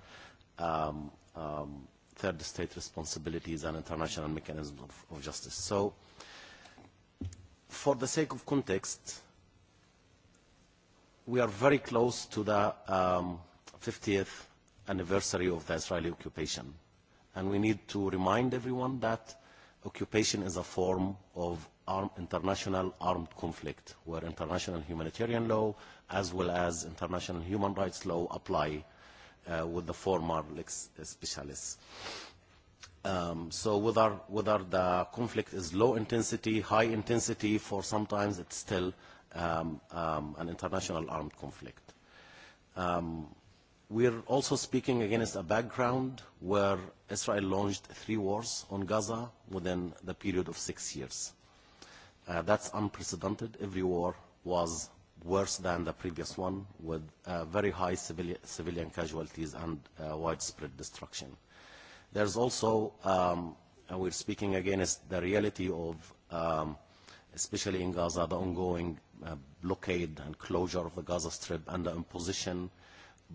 S2: third state responsibilities and international mechanisms of justice. So, for the sake of context, we are very close to the 50th anniversary of the Israeli occupation, and we need to remind everyone that occupation is a form of international armed conflict, where international humanitarian law as well as international human rights law apply with the former lex specialists. So whether the conflict is low intensity, high intensity, for sometimes it's still an international armed conflict. We're also speaking against a background where Israel launched three wars on Gaza within the period of six years. That's unprecedented. Every war was worse than the previous one, with very high civilian casualties and widespread destruction. There's also, we're speaking against the reality of, especially in Gaza, the ongoing blockade and closure of the Gaza Strip and the imposition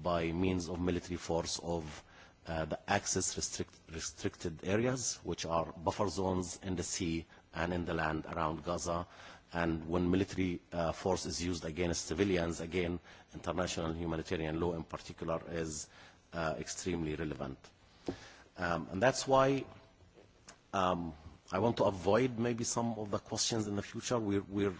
S2: by means of military force of the access restricted areas, which are buffer zones in the sea and in the land around Gaza. And when military force is used against civilians, again, international humanitarian law in particular is extremely relevant. And that's why I want to avoid maybe some of the questions in the future. We're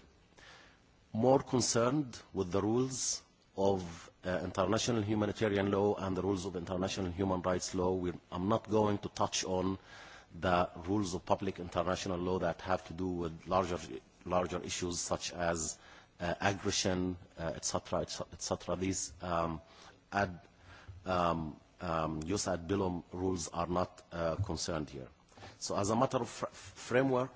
S2: more concerned with the rules of international humanitarian law and the rules of international human rights law. I'm not going to touch on the rules of public international law that have to do with larger larger issues such as aggression, etc., etc. These ad use ad bilum rules are not concerned here. So as a matter of framework,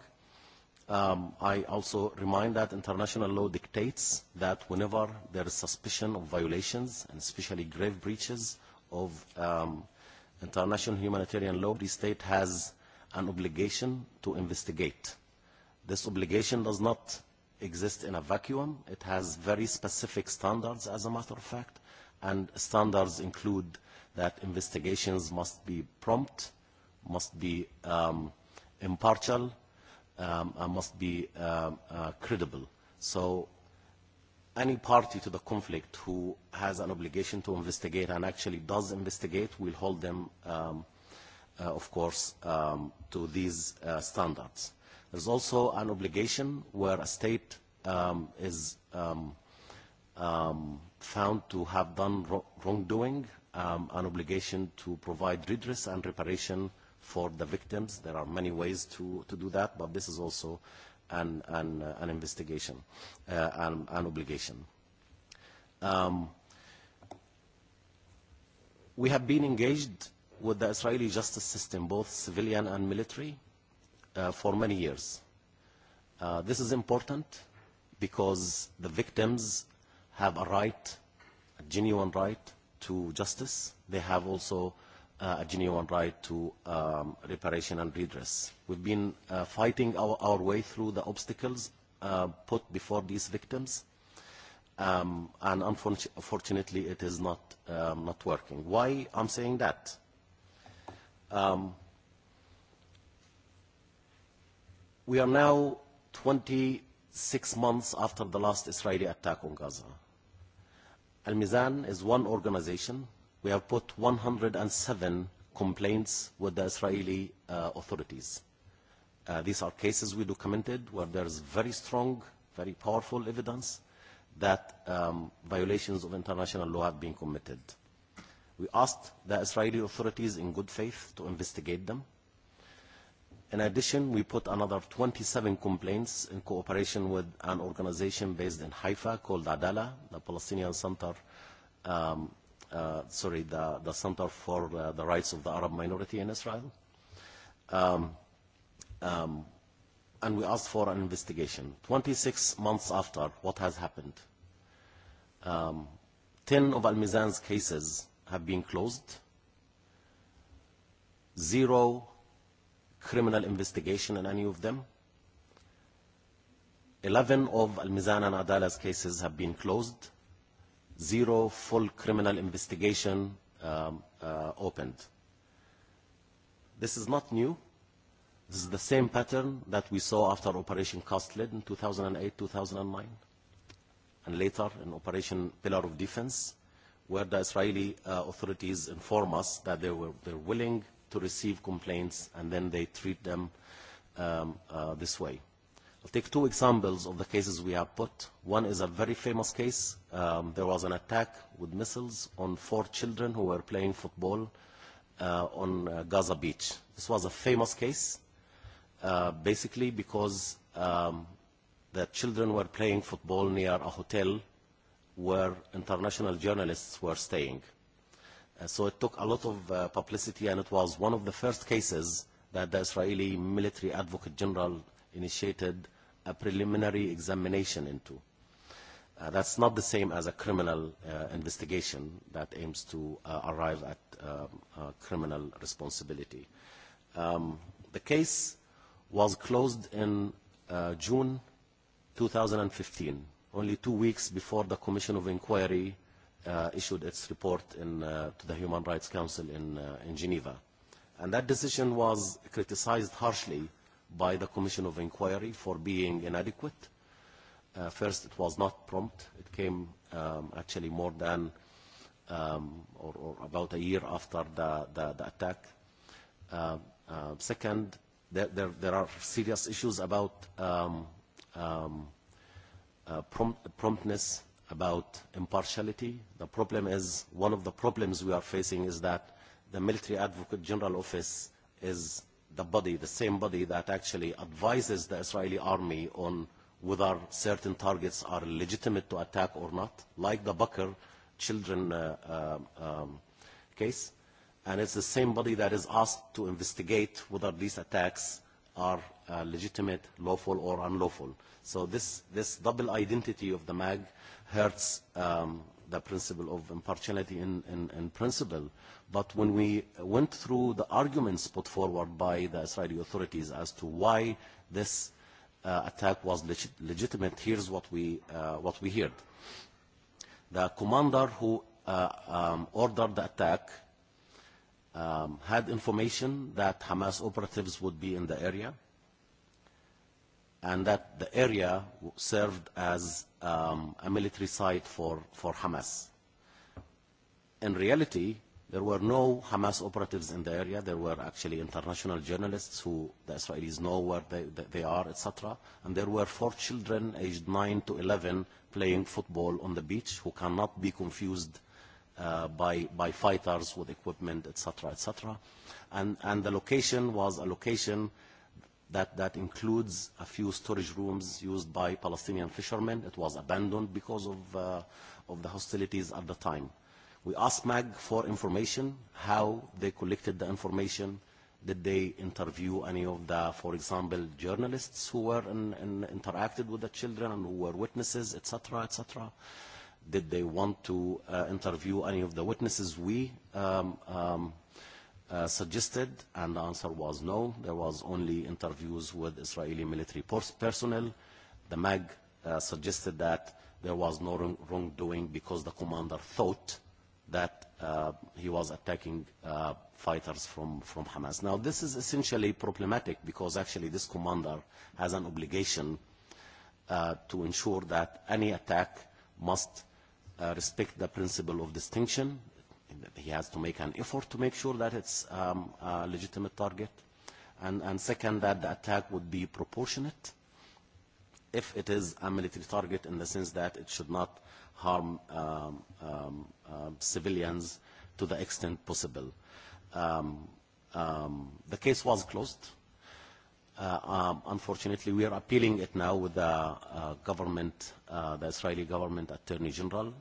S2: I also remind that international law dictates that whenever there is suspicion of violations, and especially grave breaches of international humanitarian law, the state has an obligation to investigate. This obligation does not exist in a vacuum. It has very specific standards, as a matter of fact, and standards include that investigations must be prompt, must be impartial, and must be credible. So any party to the conflict who has an obligation to investigate and actually does investigate will hold them of course, to these standards. There's also an obligation where a state is found to have done wrongdoing, an obligation to provide redress and reparation for the victims. There are many ways to do that, but this is also an investigation, an obligation. We have been engaged with the Israeli justice system, both civilian and military, for many years. This is important because the victims have a right, a genuine right to justice. They have also a genuine right to reparation and redress. We've been fighting our way through the obstacles put before these victims, and unfortunately it is not working. Why I'm saying that? We are now 26 months after the last Israeli attack on Gaza. Al-Mizan is one organization. We have put 107 complaints with the Israeli authorities. These are cases we documented where there is very strong, very powerful evidence that violations of international law have been committed. We asked the Israeli authorities in good faith to investigate them. In addition, we put another 27 complaints in cooperation with an organization based in Haifa called Adala, the Palestinian Center, sorry, the Center for the Rights of the Arab Minority in Israel. And we asked for an investigation. 26 months after, what has happened? 10 of Al-Mizan's cases have been closed. Zero criminal investigation in any of them. Eleven of Al-Mizan and Adala's cases have been closed. Zero full criminal investigation opened. This is not new. This is the same pattern that we saw after Operation Castled in 2008-2009 and later in Operation Pillar of Defense where the Israeli authorities inform us that they were willing to receive complaints and then they treat them this way. I'll take two examples of the cases we have put. One is a very famous case. There was an attack with missiles on four children who were playing football on Gaza Beach. This was a famous case, basically because the children were playing football near a hotel where international journalists were staying. So it took a lot of publicity and it was one of the first cases that the Israeli military advocate general initiated a preliminary examination into. That's not the same as a criminal investigation that aims to arrive at criminal responsibility. The case was closed in June 2015 only two weeks before the Commission of Inquiry issued its report to the Human Rights Council in Geneva. And that decision was criticized harshly by the Commission of Inquiry for being inadequate. First, it was not prompt. It came actually more than or about a year after the attack. Second, there are serious issues about promptness, about impartiality. The problem is, one of the problems we are facing is that the Military Advocate General Office is the body, the same body that actually advises the Israeli army on whether certain targets are legitimate to attack or not, like the Bakr children case. And it's the same body that is asked to investigate whether these attacks are legitimate, lawful or unlawful. So this this double identity of the MAG hurts the principle of impartiality in principle. But when we went through the arguments put forward by the Israeli authorities as to why this attack was legitimate, here's what we what we heard. The commander who ordered the attack had information that Hamas operatives would be in the area and that the area served as a military site for Hamas. In reality, there were no Hamas operatives in the area. There were actually international journalists who the Israelis know where they are, etc. And there were four children aged 9 to 11 playing football on the beach who cannot be confused by fighters with equipment, etc., etc. And the location was a location That includes a few storage rooms used by Palestinian fishermen. It was abandoned because of the hostilities at the time. We asked MAG for information, how they collected the information. Did they interview any of the, for example, journalists who were interacted with the children and who were witnesses, etc., etc.? Did they want to interview any of the witnesses we suggested, and the answer was no. There was only interviews with Israeli military personnel. The MAG suggested that there was no wrongdoing because the commander thought that he was attacking fighters from Hamas. Now, this is essentially problematic because actually this commander has an obligation to ensure that any attack must respect the principle of distinction he has to make an effort to make sure that it's a legitimate target. And second, that the attack would be proportionate if it is a military target in the sense that it should not harm civilians to the extent possible. The case was closed. Unfortunately, we are appealing it now with the government, the Israeli government attorney general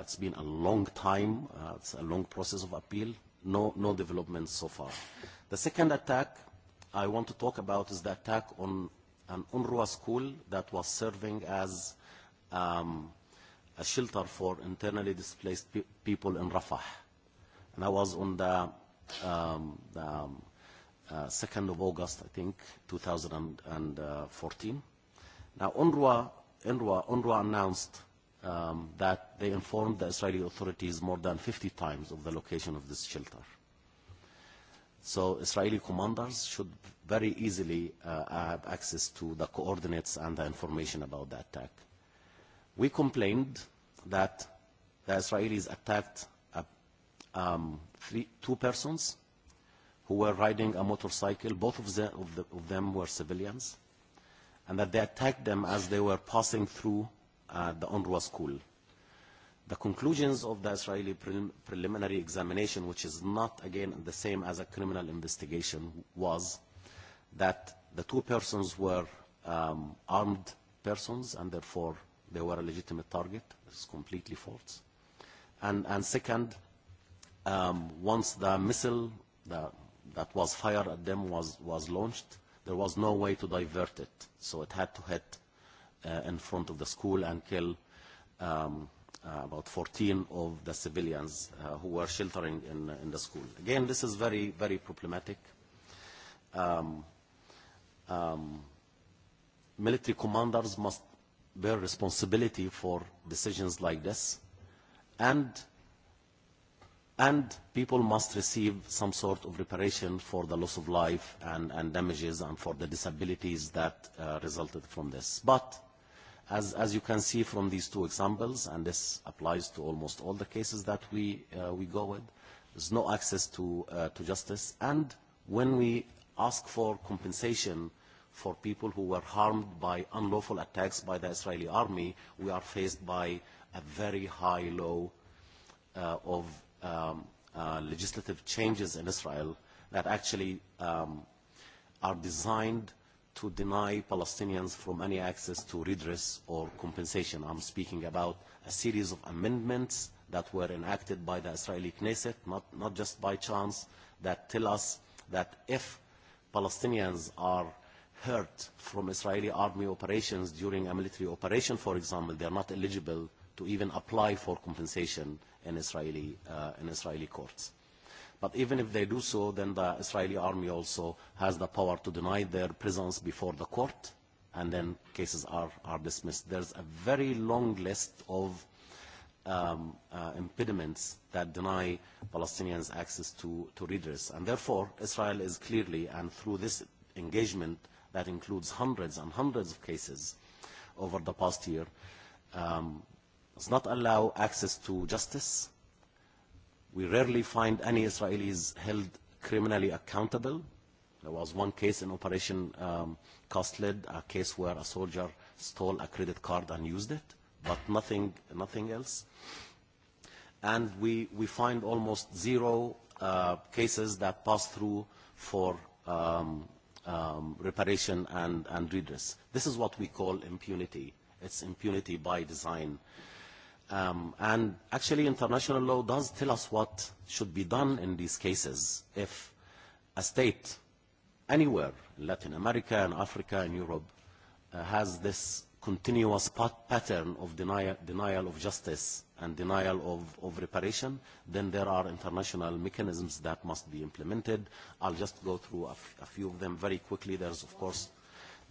S2: It's been a long time. It's a long process of appeal. No no developments so far. The second attack I want to talk about is the attack on an UNRWA school that was serving as a shelter for internally displaced people in Rafah. And I was on the 2nd of August, I think, 2014. Now, UNRWA announced that they informed the Israeli authorities more than 50 times of the location of this shelter. So Israeli commanders should very easily have access to the coordinates and the information about the attack. We complained that the Israelis attacked two persons who were riding a motorcycle. Both of them were civilians. And that they attacked them as they were passing through at the UNRWA school. The conclusions of the Israeli preliminary examination, which is not, again, the same as a criminal investigation, was that the two persons were armed persons, and therefore they were a legitimate target. It's completely false. And second, once the missile that was fired at them was launched, there was no way to divert it, so it had to hit in front of the school and kill about 14 of the civilians who were sheltering in the school. Again, this is very, very problematic. Military commanders must bear responsibility for decisions like this, and and people must receive some sort of reparation for the loss of life and damages and for the disabilities that resulted from this. But As you can see from these two examples, and this applies to almost all the cases that we we go with, there's no access to justice. And when we ask for compensation for people who were harmed by unlawful attacks by the Israeli army, we are faced by a very high low of legislative changes in Israel that actually are designed to deny Palestinians from any access to redress or compensation. I'm speaking about a series of amendments that were enacted by the Israeli Knesset, not just by chance, that tell us that if Palestinians are hurt from Israeli army operations during a military operation, for example, they are not eligible to even apply for compensation in Israeli courts. But even if they do so, then the Israeli army also has the power to deny their presence before the court, and then cases are dismissed. There's a very long list of impediments that deny Palestinians access to redress. And therefore, Israel is clearly, and through this engagement that includes hundreds and hundreds of cases over the past year, does not allow access to justice We rarely find any Israelis held criminally accountable. There was one case in Operation Castled, a case where a soldier stole a credit card and used it, but nothing, nothing else. And we, we find almost zero cases that pass through for um, um, reparation and, and redress. This is what we call impunity. It's impunity by design. Um And actually, international law does tell us what should be done in these cases if a state anywhere in Latin America and Africa and Europe has this continuous pattern of denial of justice and denial of reparation, then there are international mechanisms that must be implemented. I'll just go through a few of them very quickly. There's, of course,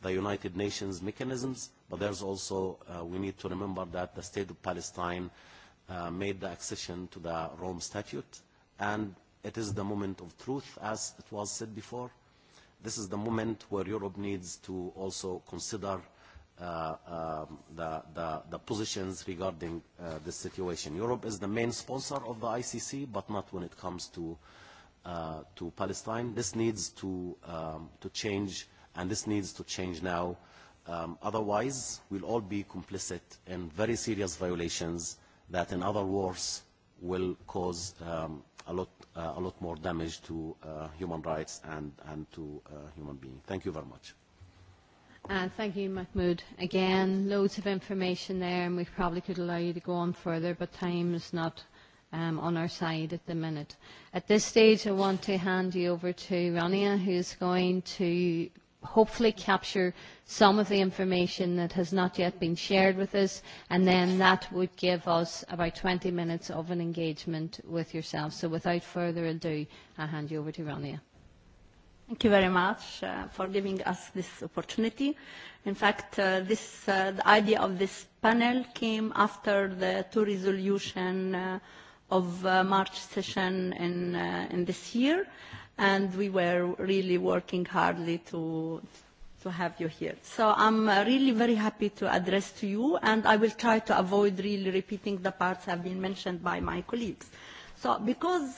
S2: the United Nations mechanisms, but there's also, we need to remember that the state of Palestine made the accession to the Rome Statute, and it is the moment of truth, as it was said before. This is the moment where Europe needs to also consider the positions regarding this situation. Europe is the main sponsor of the ICC, but not when it comes to Palestine. This needs to change and this needs to change now. Otherwise, we'll all be complicit in very serious violations that in other wars will cause a lot more damage to human rights and to human beings. Thank you very much.
S3: And thank you, Mahmoud. Again, loads of information there, and we probably could allow you to go on further, but time is not on our side at the minute. At this stage, I want to hand you over to Rania, who is going to hopefully capture some of the information that has not yet been shared with us, and then that would give us about 20 minutes of an engagement with
S1: yourselves. So without further ado, I hand you over to Rania. Thank you very much for giving us this opportunity. In fact, this the idea of this panel came after the two resolution of March session in this year and we were really working hardly to to have you here. So I'm really very happy to address to you, and I will try to avoid really repeating the parts that have been mentioned by my colleagues. So because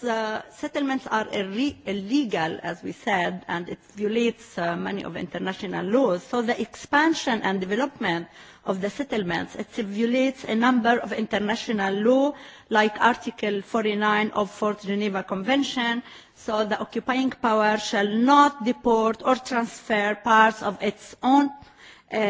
S1: settlements are illegal, as we said, and it violates many of international laws, so the expansion and development of the settlements. It violates a number of international law, like Article 49 of Fourth Geneva Convention, so the occupying power shall not deport or transfer parts of its own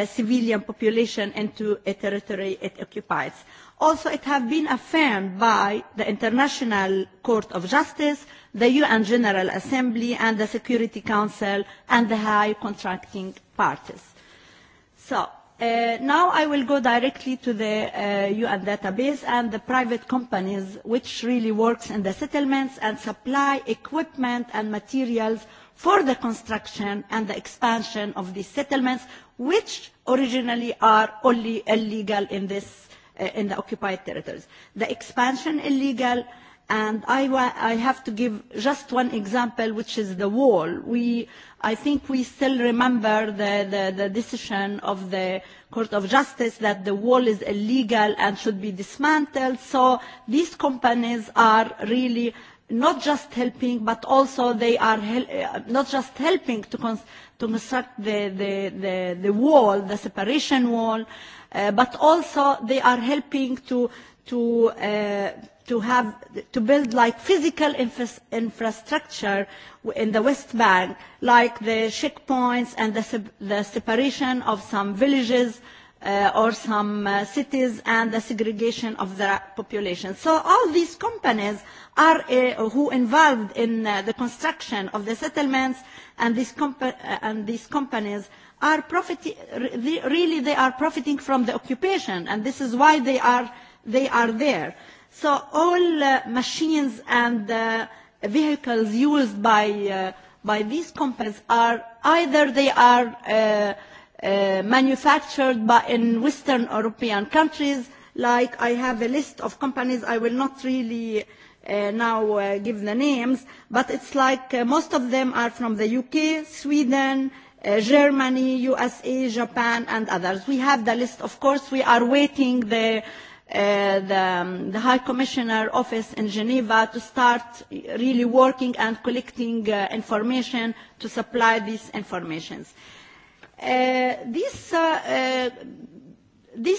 S1: civilian population into a territory it occupies. Also, it has been affirmed by the International Court of Justice, the UN General Assembly, and the Security Council, and the high contracting parties. So, Now I will go directly to the UN database and the private companies which really works in the settlements and supply equipment and materials for the construction and the expansion of these settlements which originally are only illegal in the occupied territories. The expansion illegal And I have to give just one example, which is the wall. I think we still remember the decision of the Court of Justice that the wall is illegal and should be dismantled. So these companies are really not just helping, but also they are not just helping to construct the wall, the separation wall, but also they are helping to to have to build like physical infrastructure in the West Bank, like the checkpoints and the separation of some villages or some cities and the segregation of the population. So all these companies are who involved in the construction of the settlements and these companies are profiting really they are profiting from the occupation and this is why they are they are there. So all machines and vehicles used by these companies are either they are manufactured in Western European countries, like I have a list of companies, I will not really now give the names, but it's like most of them are from the UK, Sweden, Germany, USA, Japan and others. We have the list, of course, we are waiting the the High Commissioner office in Geneva to start really working and collecting information to supply these informations. These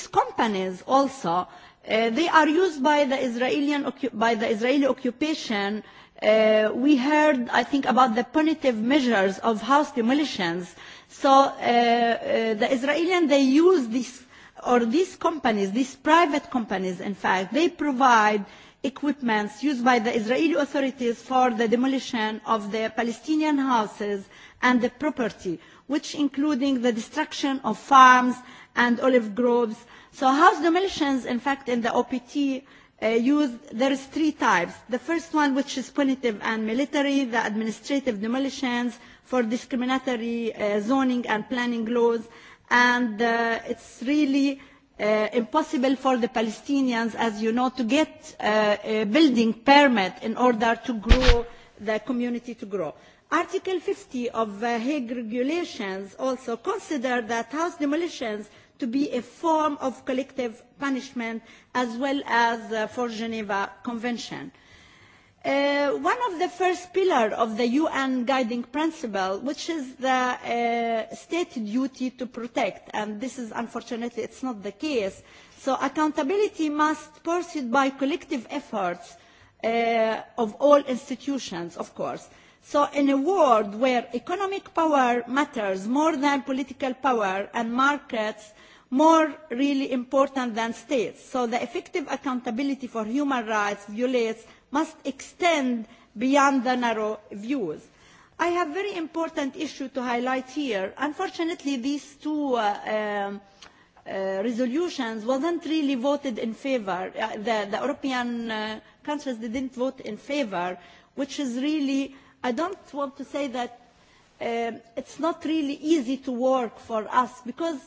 S1: companies also, they are used by the Israeli by the Israeli occupation. We heard, I think, about the punitive measures of house demolitions. So the Israelis they use these or these companies, these private companies, in fact, they provide equipment used by the Israeli authorities for the demolition of the Palestinian houses and the property, which including the destruction of farms and olive groves. So house demolitions, in fact, in the OPT used, there is three types. The first one, which is punitive and military, the administrative demolitions for discriminatory zoning and planning laws, and it's really impossible for the Palestinians, as you know, to get a building permit in order to grow the community to grow. Article 50 of the Hague Regulations also consider that house demolitions to be a form of collective punishment as well as for Geneva Convention one of the first pillars of the UN guiding principle, which is the state duty to protect, and this is unfortunately it's not the case. So accountability must pursued by collective efforts of all institutions, of course. So in a world where economic power matters more than political power and markets more really important than states, so the effective accountability for human rights violates must extend beyond the narrow views. I have a very important issue to highlight here. Unfortunately, these two resolutions wasn't really voted in favour. The European countries didn't vote in favour, which is really, I don't want to say that it's not really easy to work for us because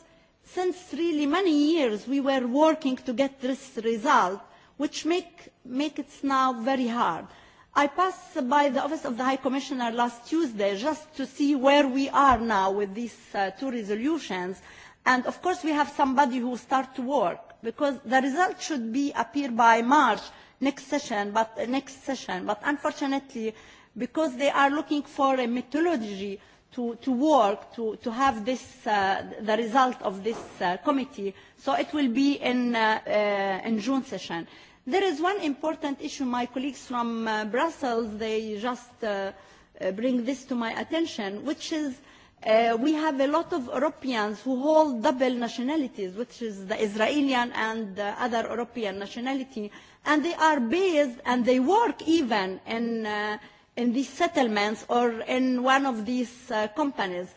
S1: since really many years we were working to get this result which make it now very hard. I passed by the Office of the High Commissioner last Tuesday just to see where we are now with these two resolutions. And of course we have somebody who will start to work because the result should be appear by March next session, but next session. But unfortunately, because they are looking for a methodology to to work to to have this the result of this committee, so it will be in in June session. There is one important issue. My colleagues from Brussels, they just bring this to my attention, which is we have a lot of Europeans who hold double nationalities, which is the Israeli and other European nationality, and they are based and they work even in these settlements or in one of these companies.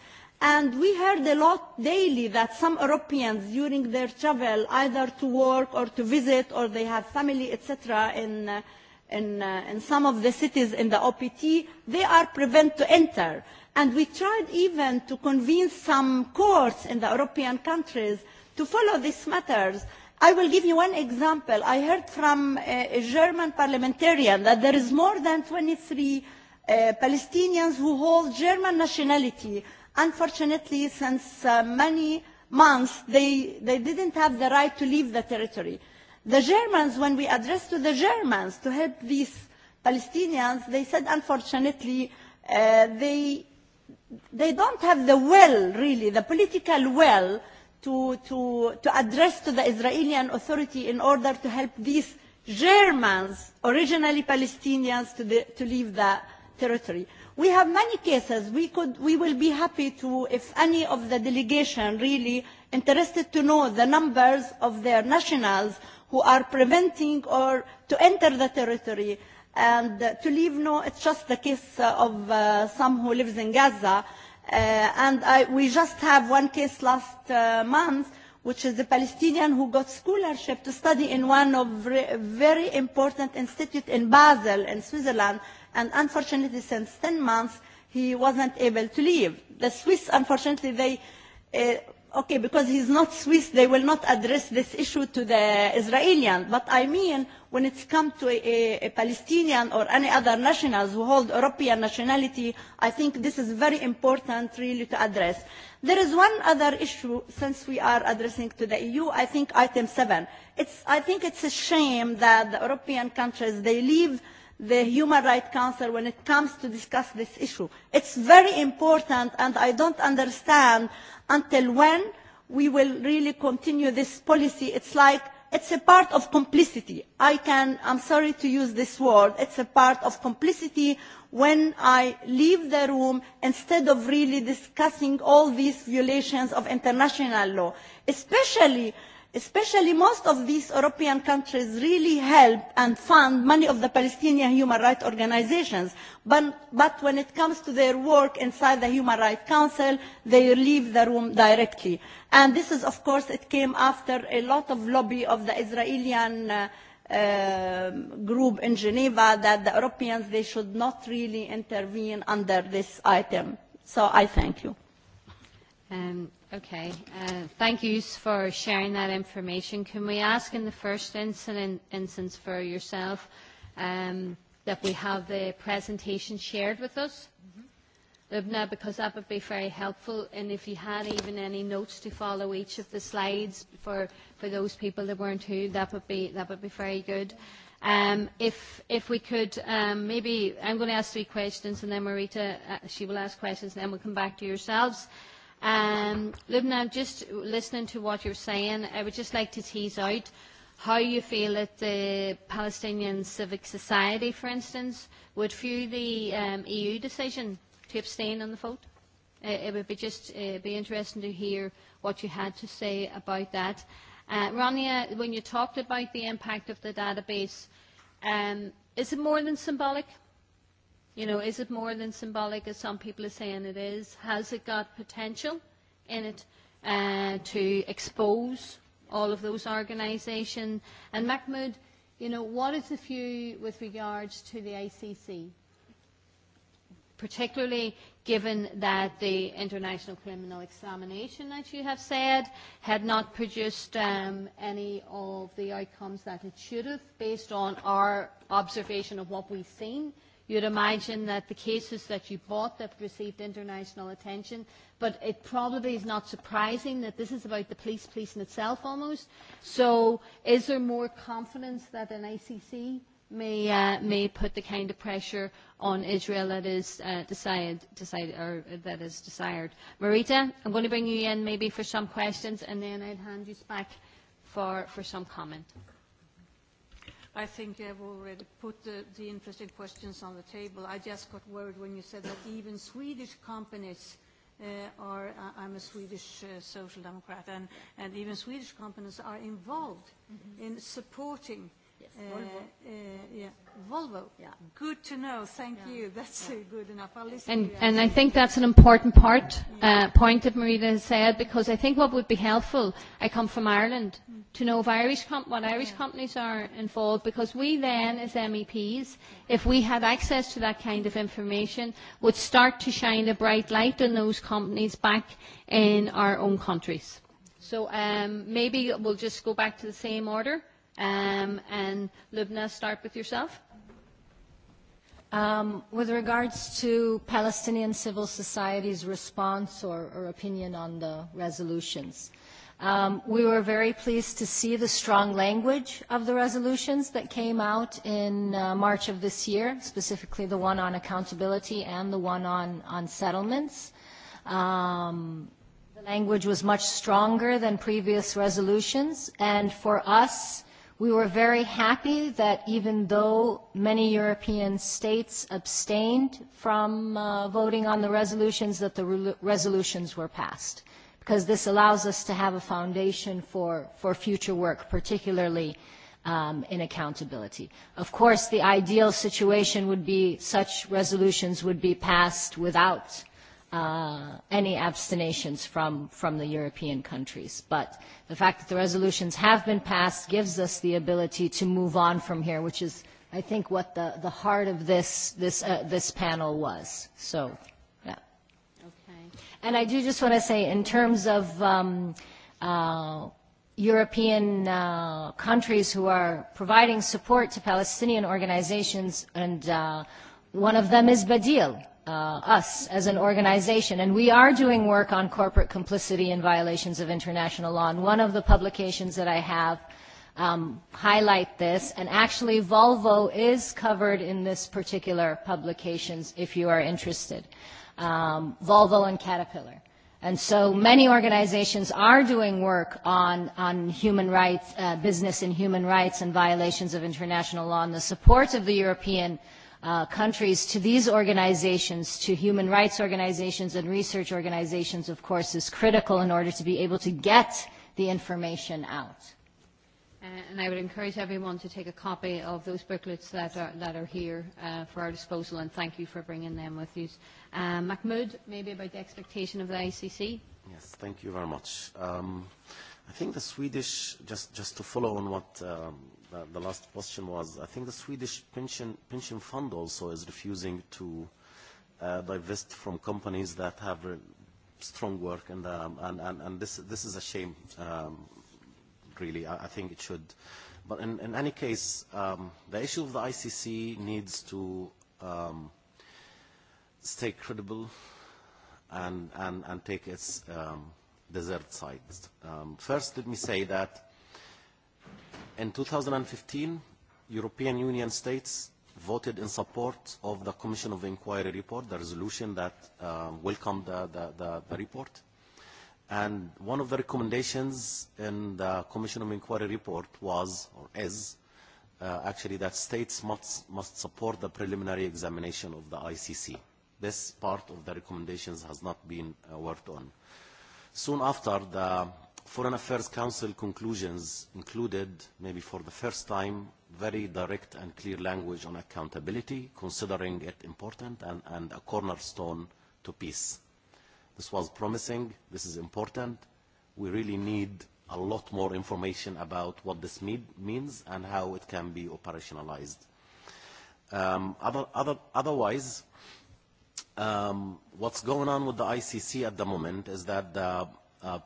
S1: And we heard a lot daily that some Europeans, during their travel, either to work or to visit, or they have family, etc., in in some of the cities in the OPT, they are prevented to enter. And we tried even to convince some courts in the European countries to follow these matters. I will give you one example. I heard from a German parliamentarian that there is more than 23 Palestinians who hold German nationality Unfortunately, since many months, they didn't have the right to leave the territory. The Germans, when we addressed to the Germans to help these Palestinians, they said, unfortunately, they don't have the will, really, the political will to address to the Israeli authority in order to help these Germans, originally Palestinians, to leave the territory. We have many cases. We could, we will be happy to, if any of the delegation really interested to know the numbers of their nationals who are preventing or to enter the territory and to leave. No, it's just the case of some who lives in Gaza. And we just have one case last month, which is the Palestinian who got scholarship to study in one of very important institute in Basel in Switzerland and unfortunately since 10 months he wasn't able to leave. The Swiss, unfortunately, they, okay, because he's not Swiss, they will not address this issue to the Israelians. But I mean, when it's comes to a, Palestinian or any other nationals who hold European nationality, I think this is very important really to address. There is one other issue, since we are addressing to the EU, I think item seven. I think it's a shame that the European countries, they leave the Human Rights Council when it comes to discuss this issue. is very important and I do not understand until when we will really continue this policy. It's like it's a part of complicity. I can, I'm sorry to use this word, it's a part of complicity when I leave the room instead of really discussing all these violations of international law, especially especially most of these European countries really help and fund many of the Palestinian human rights organizations. But when it comes to their work inside the Human Rights Council, they leave the room directly. And this is, of course, it came after a lot of lobby of the Israeli group in Geneva that the Europeans, they should not really intervene under this item. So I thank you.
S3: Okay. Thank you for sharing that information. Can we ask in the first instance for yourself that we have the presentation shared with us? Lubna, because that would be very helpful. And if you had even any notes to follow each of the slides for for those people that weren't here, that would be that would be very good. If we could, maybe I'm going to ask three questions, and then Marita, she will ask questions, and then we'll come back to yourselves. Lubna, just listening to what you're saying, I would just like to tease out how you feel that the Palestinian Civic Society, for instance, would view the EU decision to abstain on the vote. It would be just be interesting to hear what you had to say about that. Rania, when you talked about the impact of the database, is it more than symbolic? You know, is it more than symbolic, as some people are saying it is? Has it got potential in it to expose all of those organisations? And Mahmoud, you know, what is the view with regards to the ICC, particularly given that the International Criminal Examination, as you have said, had not produced any of the outcomes that it should have, based on our observation of what we've seen You'd imagine that the cases that you bought that received international attention, but it probably is not surprising that this is about the police policing itself almost. So is there more confidence that an ICC may may put the kind of pressure on Israel that is decided decided or that is desired. Marita, I'm going to bring you in maybe for some questions and then I'll hand you back for for some comment. I think you have already put the interesting questions on the table. I just got worried when you said that even Swedish companies are, I'm a Swedish social democrat, and even Swedish companies are involved in supporting yeah. Volvo, yeah. Good to know. Thank you. That's good enough. listen and, and I think that's an important part, uh, point that Marita has said, because I think what would be helpful, I come from Ireland, to know Irish what Irish companies are involved, because we then, as MEPs, if we had access to that kind of information, would start to shine a bright light on those companies back in our own countries. So um, maybe we'll just go back to the same order. Um And Lubna, start with yourself.
S4: Um With regards to Palestinian civil society's response or or opinion on the resolutions, Um we were very pleased to see the strong language of the resolutions that came out in March of this year, specifically the one on accountability and the one on on settlements. Um The language was much stronger than previous resolutions, and for us, We were very happy that even though many European states abstained from voting on the resolutions, that the resolutions were passed, because this allows us to have a foundation for future work, particularly in accountability. Of course, the ideal situation would be such resolutions would be passed without any abstinations from from the European countries. But the fact that the resolutions have been passed gives us the ability to move on from here, which is, I think, what the the heart of this this this panel was. So, yeah. Okay. And I do just want to say, in terms of European countries who are providing support to Palestinian organizations, and one of them is Badil us as an organization. And we are doing work on corporate complicity and violations of international law. And one of the publications that I have highlight this. And actually, Volvo is covered in this particular publications, if you are interested. Volvo and Caterpillar. And so many organizations are doing work on, on human rights, business and human rights and violations of international law. And the support of the European countries to these organizations, to human rights organizations and research organizations, of course, is critical in order to be able to get the information out.
S3: And I would encourage everyone to take a copy of those booklets that are, that are here for our disposal, and thank you for bringing them with you. Mahmoud, maybe about the expectation of the ICC.
S2: Yes, thank you very much. Um, I think the Swedish, just, just to follow on what the last question was, I think the Swedish pension fund also is refusing to divest from companies that have strong work, and this is a shame, really. I think it should. But in any case, the issue of the ICC needs to stay credible and take its desert side. First, let me say that In 2015, European Union states voted in support of the Commission of Inquiry report, the resolution that welcomed the report. And one of the recommendations in the Commission of Inquiry report was, or is, actually that states must support the preliminary examination of the ICC. This part of the recommendations has not been worked on. Soon after, the Foreign Affairs Council conclusions included, maybe for the first time, very direct and clear language on accountability, considering it important and a cornerstone to peace. This was promising. This is important. We really need a lot more information about what this means and how it can be operationalized. Otherwise, what's going on with the ICC at the moment is that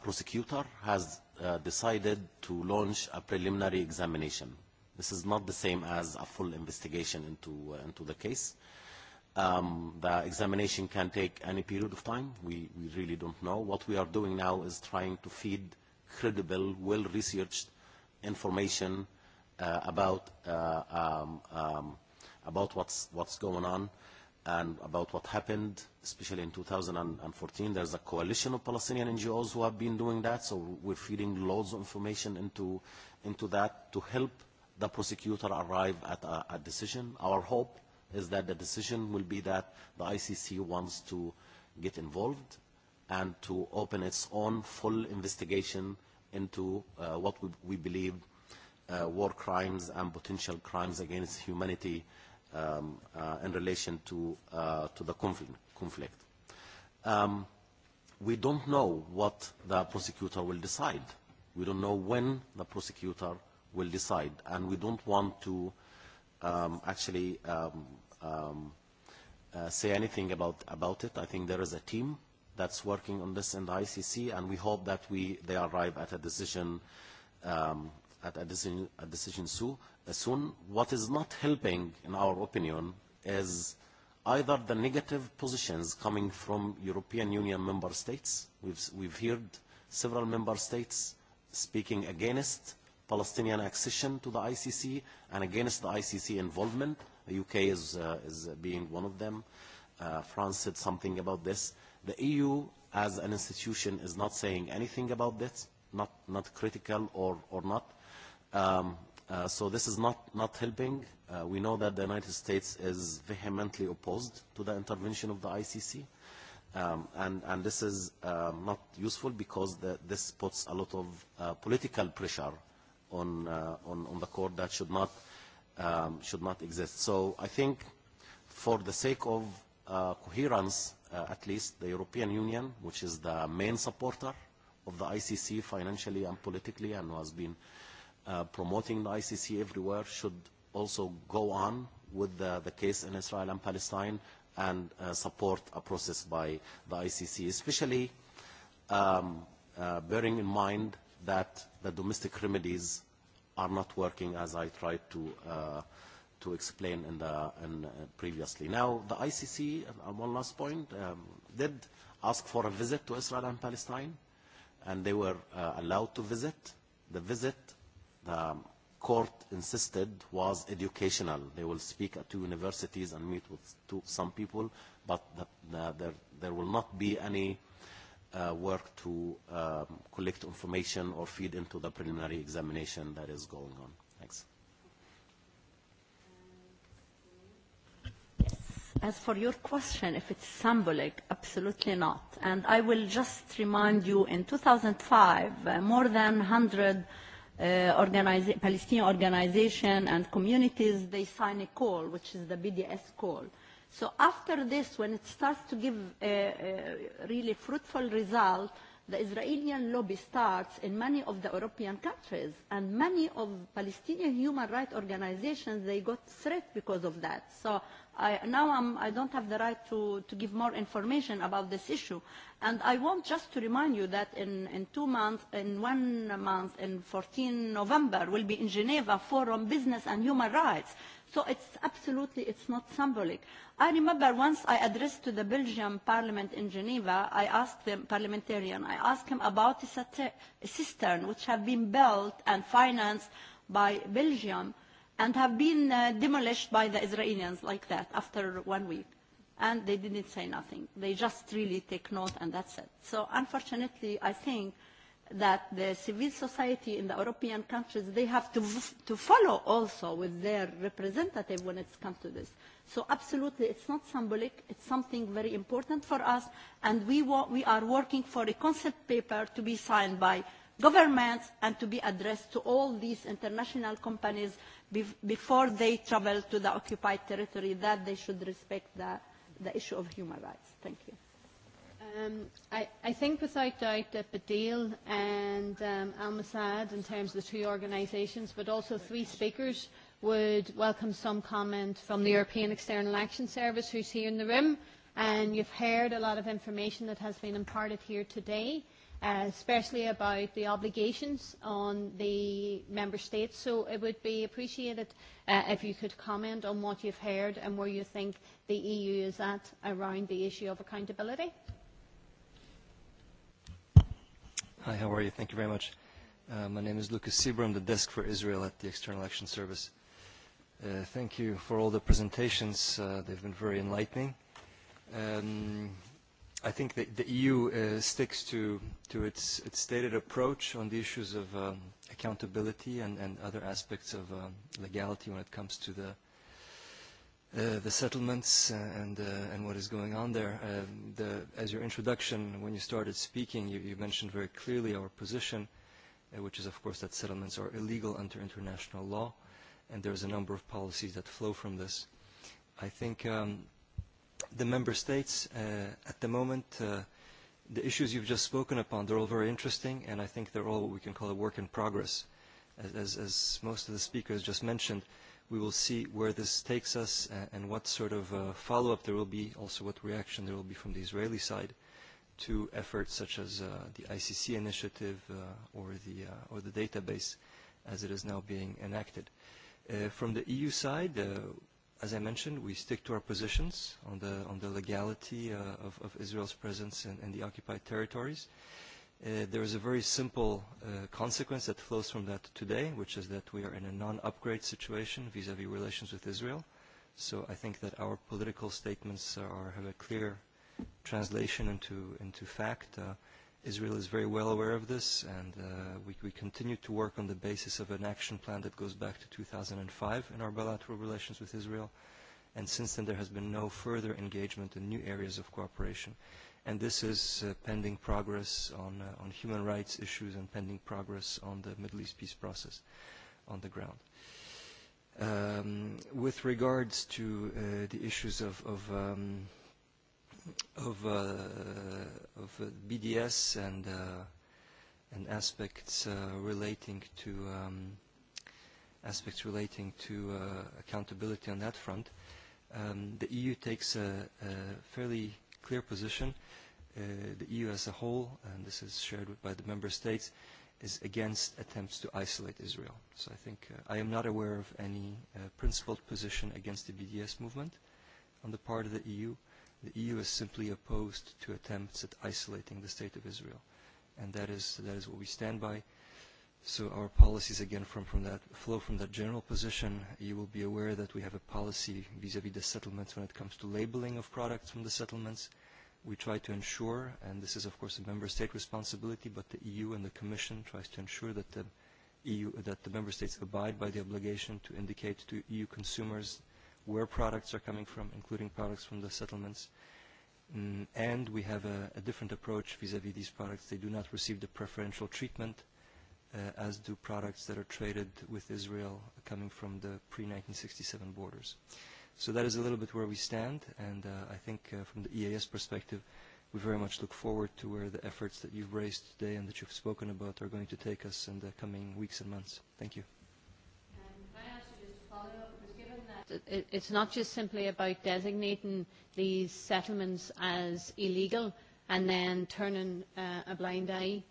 S2: prosecutor has decided to launch a preliminary examination. This is not the same as a full investigation into into the case. The examination can take any period of time. We we really don't know. What we are doing now is trying to feed credible, well-researched information about about what's what's going on and about what happened, especially in 2014. There's a coalition of Palestinian NGOs who have been doing that, so we're feeding loads of information into, into that to help the prosecutor arrive at a, a decision. Our hope is that the decision will be that the ICC wants to get involved and to open its own full investigation into what we believe war crimes and potential crimes against humanity in relation to the conflict. We don't know what the prosecutor will decide. We don't know when the prosecutor will decide, and we don't want to actually say anything about it. I think there is a team that's working on this in the ICC, and we hope that they arrive at a decision at a decision soon. What is not helping, in our opinion, is either the negative positions coming from European Union member states. We've heard several member states speaking against Palestinian accession to the ICC and against the ICC involvement. The UK is being one of them. France said something about this. The EU, as an institution, is not saying anything about this, not critical or not So this is not not helping. We know that the United States is vehemently opposed to the intervention of the ICC, and this is not useful because this puts a lot of political pressure on the court that should not should not exist. So I think for the sake of coherence, at least the European Union, which is the main supporter of the ICC financially and politically and has been promoting the ICC everywhere should also go on with the case in Israel and Palestine and support a process by the ICC, especially bearing in mind that the domestic remedies are not working as I tried to to explain in the previously. Now, the ICC, one last point, did ask for a visit to Israel and Palestine, and they were allowed to visit. The visit the court insisted was educational. They will speak at two universities and meet with some people, but there will not be any work to collect information or feed into the preliminary examination that is going on. Thanks.
S1: As for your question, if it's symbolic, absolutely not. And I will just remind you, in 2005, more than 100 Palestinian organization and communities, they sign a call, which is the BDS call. So after this, when it starts to give a really fruitful result, The Israeli lobby starts in many of the European countries, and many of Palestinian human rights organizations, they got threat because of that. So now I don't have the right to give more information about this issue. And I want just to remind you that in two months, in one month, in 14 November, will be in Geneva Forum Business and Human Rights. So it's absolutely, it's not symbolic. I remember once I addressed to the Belgian Parliament in Geneva, I asked the parliamentarian, I asked him about a cistern which have been built and financed by Belgium and have been demolished by the Israelis like that after one week. And they didn't say nothing. They just really take note and that's it. So unfortunately, I think that the civil society in the European countries, they have to, to follow also with their representative when it comes to this. So absolutely, it's not symbolic. It's something very important for us. And we, we are working for a concept paper to be signed by governments and to be addressed to all these international companies before they travel to the occupied territory that they should respect the, the issue of human rights. Thank you.
S3: I think without doubt that Badil and Al-Massad, in terms of the two organisations, but also three speakers, would welcome some comment from the European External Action Service, who's here in the room. And you've heard a lot of information that has been imparted here today, especially about the obligations on the member states. So it would be appreciated if you could comment on what you've heard and where you think the EU is at around the issue of accountability.
S5: Hi, how are you? Thank you very much. My name is Lucas Sieber. I'm the desk for Israel at the External Action Service. Thank you for all the presentations. They've been very enlightening. I think that the EU sticks to to its its stated approach on the issues of accountability and other aspects of legality when it comes to the the settlements and and what is going on there. The as your introduction when you started speaking you mentioned very clearly our position, which is of course that settlements are illegal under international law and there's a number of policies that flow from this. I think the Member States at the moment the issues you've just spoken upon they're all very interesting and I think they're all what we can call a work in progress. As as most of the speakers just mentioned we will see where this takes us and what sort of follow-up there will be, also what reaction there will be from the Israeli side to efforts such as the ICC initiative or the database as it is now being enacted. From the EU side, as I mentioned, we stick to our positions on the legality of Israel's presence in the occupied territories. There is a very simple consequence that flows from that today, which is that we are in a non-upgrade situation vis-à-vis relations with Israel. So I think that our political statements have a clear translation into fact. Israel is very well aware of this, and we continue to work on the basis of an action plan that goes back to 2005 in our bilateral relations with Israel and since then there has been no further engagement in new areas of cooperation. And this is pending progress on human rights issues and pending progress on the Middle East peace process on the ground. With regards to the issues of BDS and aspects relating to aspects relating to accountability on that front, The EU takes a fairly clear position. The EU as a whole, and this is shared by the member states, is against attempts to isolate Israel. So I think I am not aware of any principled position against the BDS movement on the part of the EU. The EU is simply opposed to attempts at isolating the state of Israel, and that is that is what we stand by. So our policies, again, from that flow from that general position. You will be aware that we have a policy vis-à-vis the settlements when it comes to labeling of products from the settlements. We try to ensure, and this is, of course, a member state responsibility, but the EU and the Commission tries to ensure that the EU that the member states abide by the obligation to indicate to EU consumers where products are coming from, including products from the settlements. And we have a different approach vis-à-vis these products. They do not receive the preferential treatment as do products that are traded with Israel coming from the pre-1967 borders. So that is a little bit where we stand, and I think from the EAS perspective, we very much look forward to where the efforts that you've raised today and that you've spoken about are going to take us in the coming weeks and months. Thank you.
S3: It's not just simply about designating these settlements as illegal and then turning a blind eye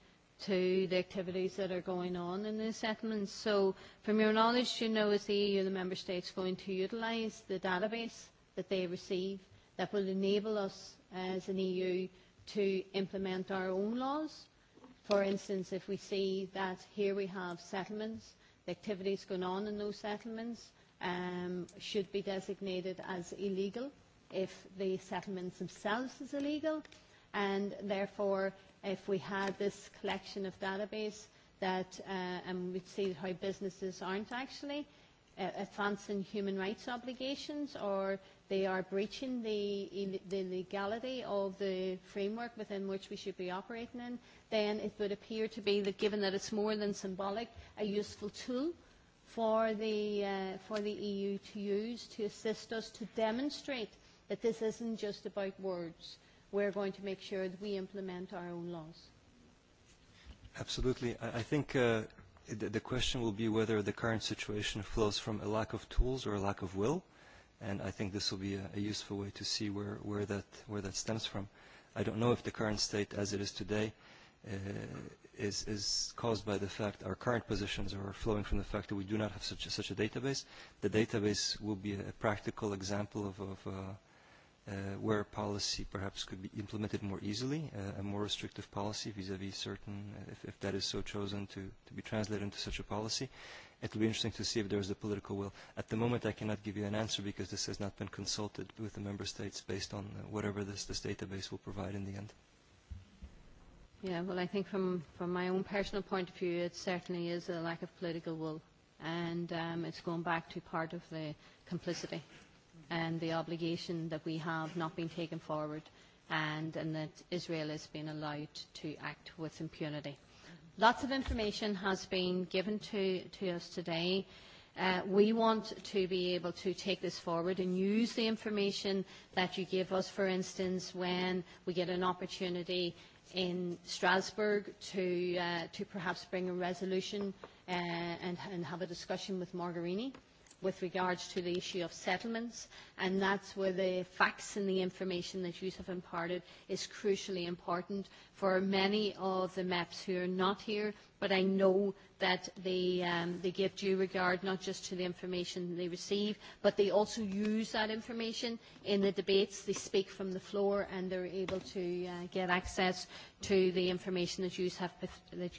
S3: to the activities that are going on in the settlements. So from your knowledge, you know, is the EU, the Member States, going to utilise the database that they receive that will enable us as an EU to implement our own laws? For instance, if we see that here we have settlements, the activities going on in those settlements should be designated as illegal if the settlements themselves is illegal and therefore if we had this collection of database that and we'd see how businesses aren't actually advancing human rights obligations or they are breaching the the legality of the framework within which we should be operating in, then it would appear to be that given that it's more than symbolic, a useful tool for the for the EU to use to assist us to demonstrate that this isn't just about words we're going to make sure that we implement our own laws.
S5: Absolutely. I think the question will be whether the current situation flows from a lack of tools or a lack of will, and I think this will be a useful way to see where that stems from. I don't know if the current state as it is today is caused by the fact our current positions are flowing from the fact that we do not have such a database. The database will be a practical example of where policy perhaps could be implemented more easily, a more restrictive policy vis-à-vis certain, if that is so chosen to be translated into such a policy. It will be interesting to see if there is the political will. At the moment, I cannot give you an answer because this has not been consulted with the member states based on whatever this database will provide in the end.
S3: Yeah, well, I think from my own personal point of view, it certainly is a lack of political will, and it's going back to part of the complicity and the obligation that we have not been taken forward and that Israel has been allowed to act with impunity. Lots of information has been given to us today. We want to be able to take this forward and use the information that you give us, for instance, when we get an opportunity in Strasbourg to perhaps bring a resolution and have a discussion with Margarini with regards to the issue of settlements, and that's where the facts and the information that you have imparted is crucially important for many of the MEPs who are not here, but I know that they, they give due regard not just to the information they receive, but they also use that information in the debates. They speak from the floor and they're able to get access to the information that you have, that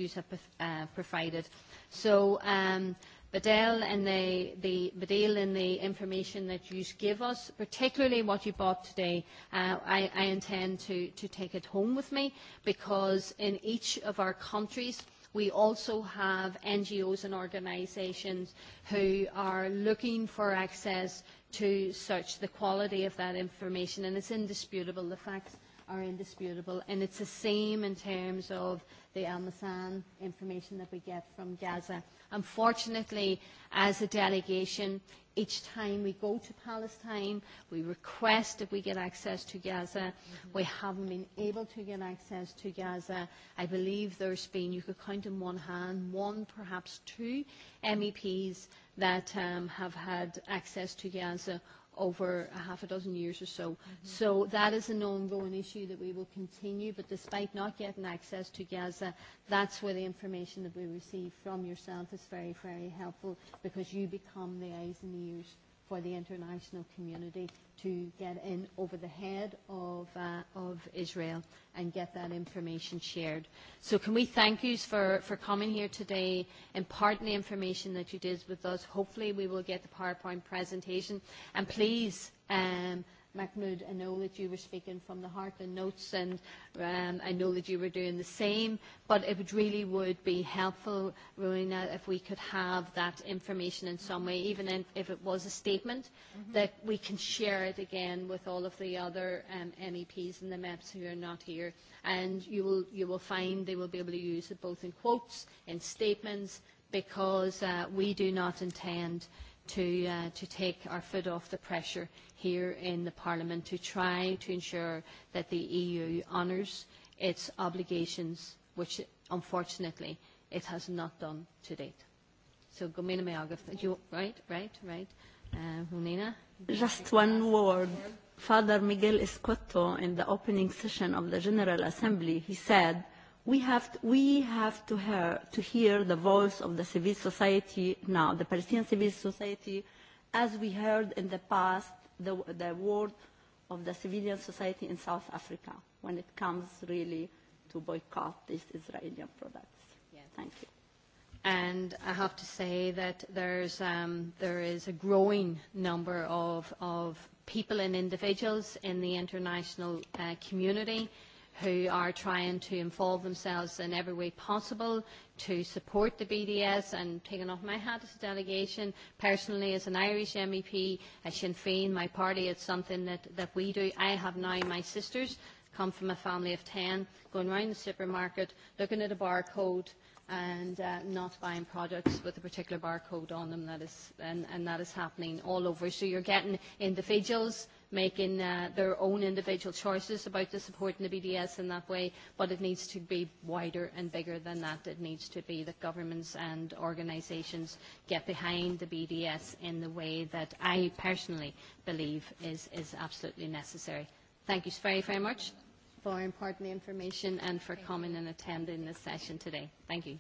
S3: have provided. So um, Badel and the, the Badil and the information that you give us, particularly what you bought today, I, I intend to, to take it home with me because in each of our countries we also have NGOs and organisations who are looking for access to such the quality of that information and it's indisputable, the facts are indisputable and it's the same in terms of the information that we get from Gaza. Unfortunately, as a delegation, each time we go to Palestine, we request that we get access to Gaza. We haven't been able to get access to Gaza. I believe there's been, you could count in one hand, one, perhaps two MEPs that have had access to Gaza over a half a dozen years or so. So that is an ongoing issue that we will continue, but despite not getting access to Gaza, that's where the information that we receive from yourself is very, very helpful because you become the eyes and ears for the international community to get in over the head of, of Israel and get that information shared. So can we thank you for, for coming here today, imparting the information that you did with us. Hopefully we will get the PowerPoint presentation. And please um, Mahmoud, I know that you were speaking from the heart and notes, and I know that you were doing the same, but it really would be helpful, Rowena, if we could have that information in some way, even if it was a statement, that we can share it again with all of the other MEPs and the MEPs who are not here. And you will, you will find they will be able to use it both in quotes, in statements, because we do not intend to to take our foot off the pressure here in the Parliament to try to ensure that the EU honours its obligations, which unfortunately it has not done to date. So, Gomina
S1: you right, right, right. Uh, Just one word. Father Miguel Escoto, in the opening session of the General Assembly, he said, We have to hear the voice of the civil society now, the Palestinian civil society, as we heard in the past the word of the civilian society in South Africa when it comes really to boycott these Israeli products. Thank you. And I have to say that there's
S3: there is a growing number of people and individuals in the international community who are trying to involve themselves in every way possible to support the BDS and taking off my hat as a delegation. Personally, as an Irish MEP, as Sinn Féin, my party, it's something that, we do. I have now my sisters come from a family of 10, going around the supermarket, looking at a barcode, and not buying products with a particular barcode on them that is and and that is happening all over so you're getting individuals making their own individual choices about the support in the BDS in that way, but it needs to be wider and bigger than that. It needs to be that governments and organisations get behind the BDS in the way that I personally believe is absolutely necessary. Thank you very, very much for imparting information and for coming and attending this session today. Thank you.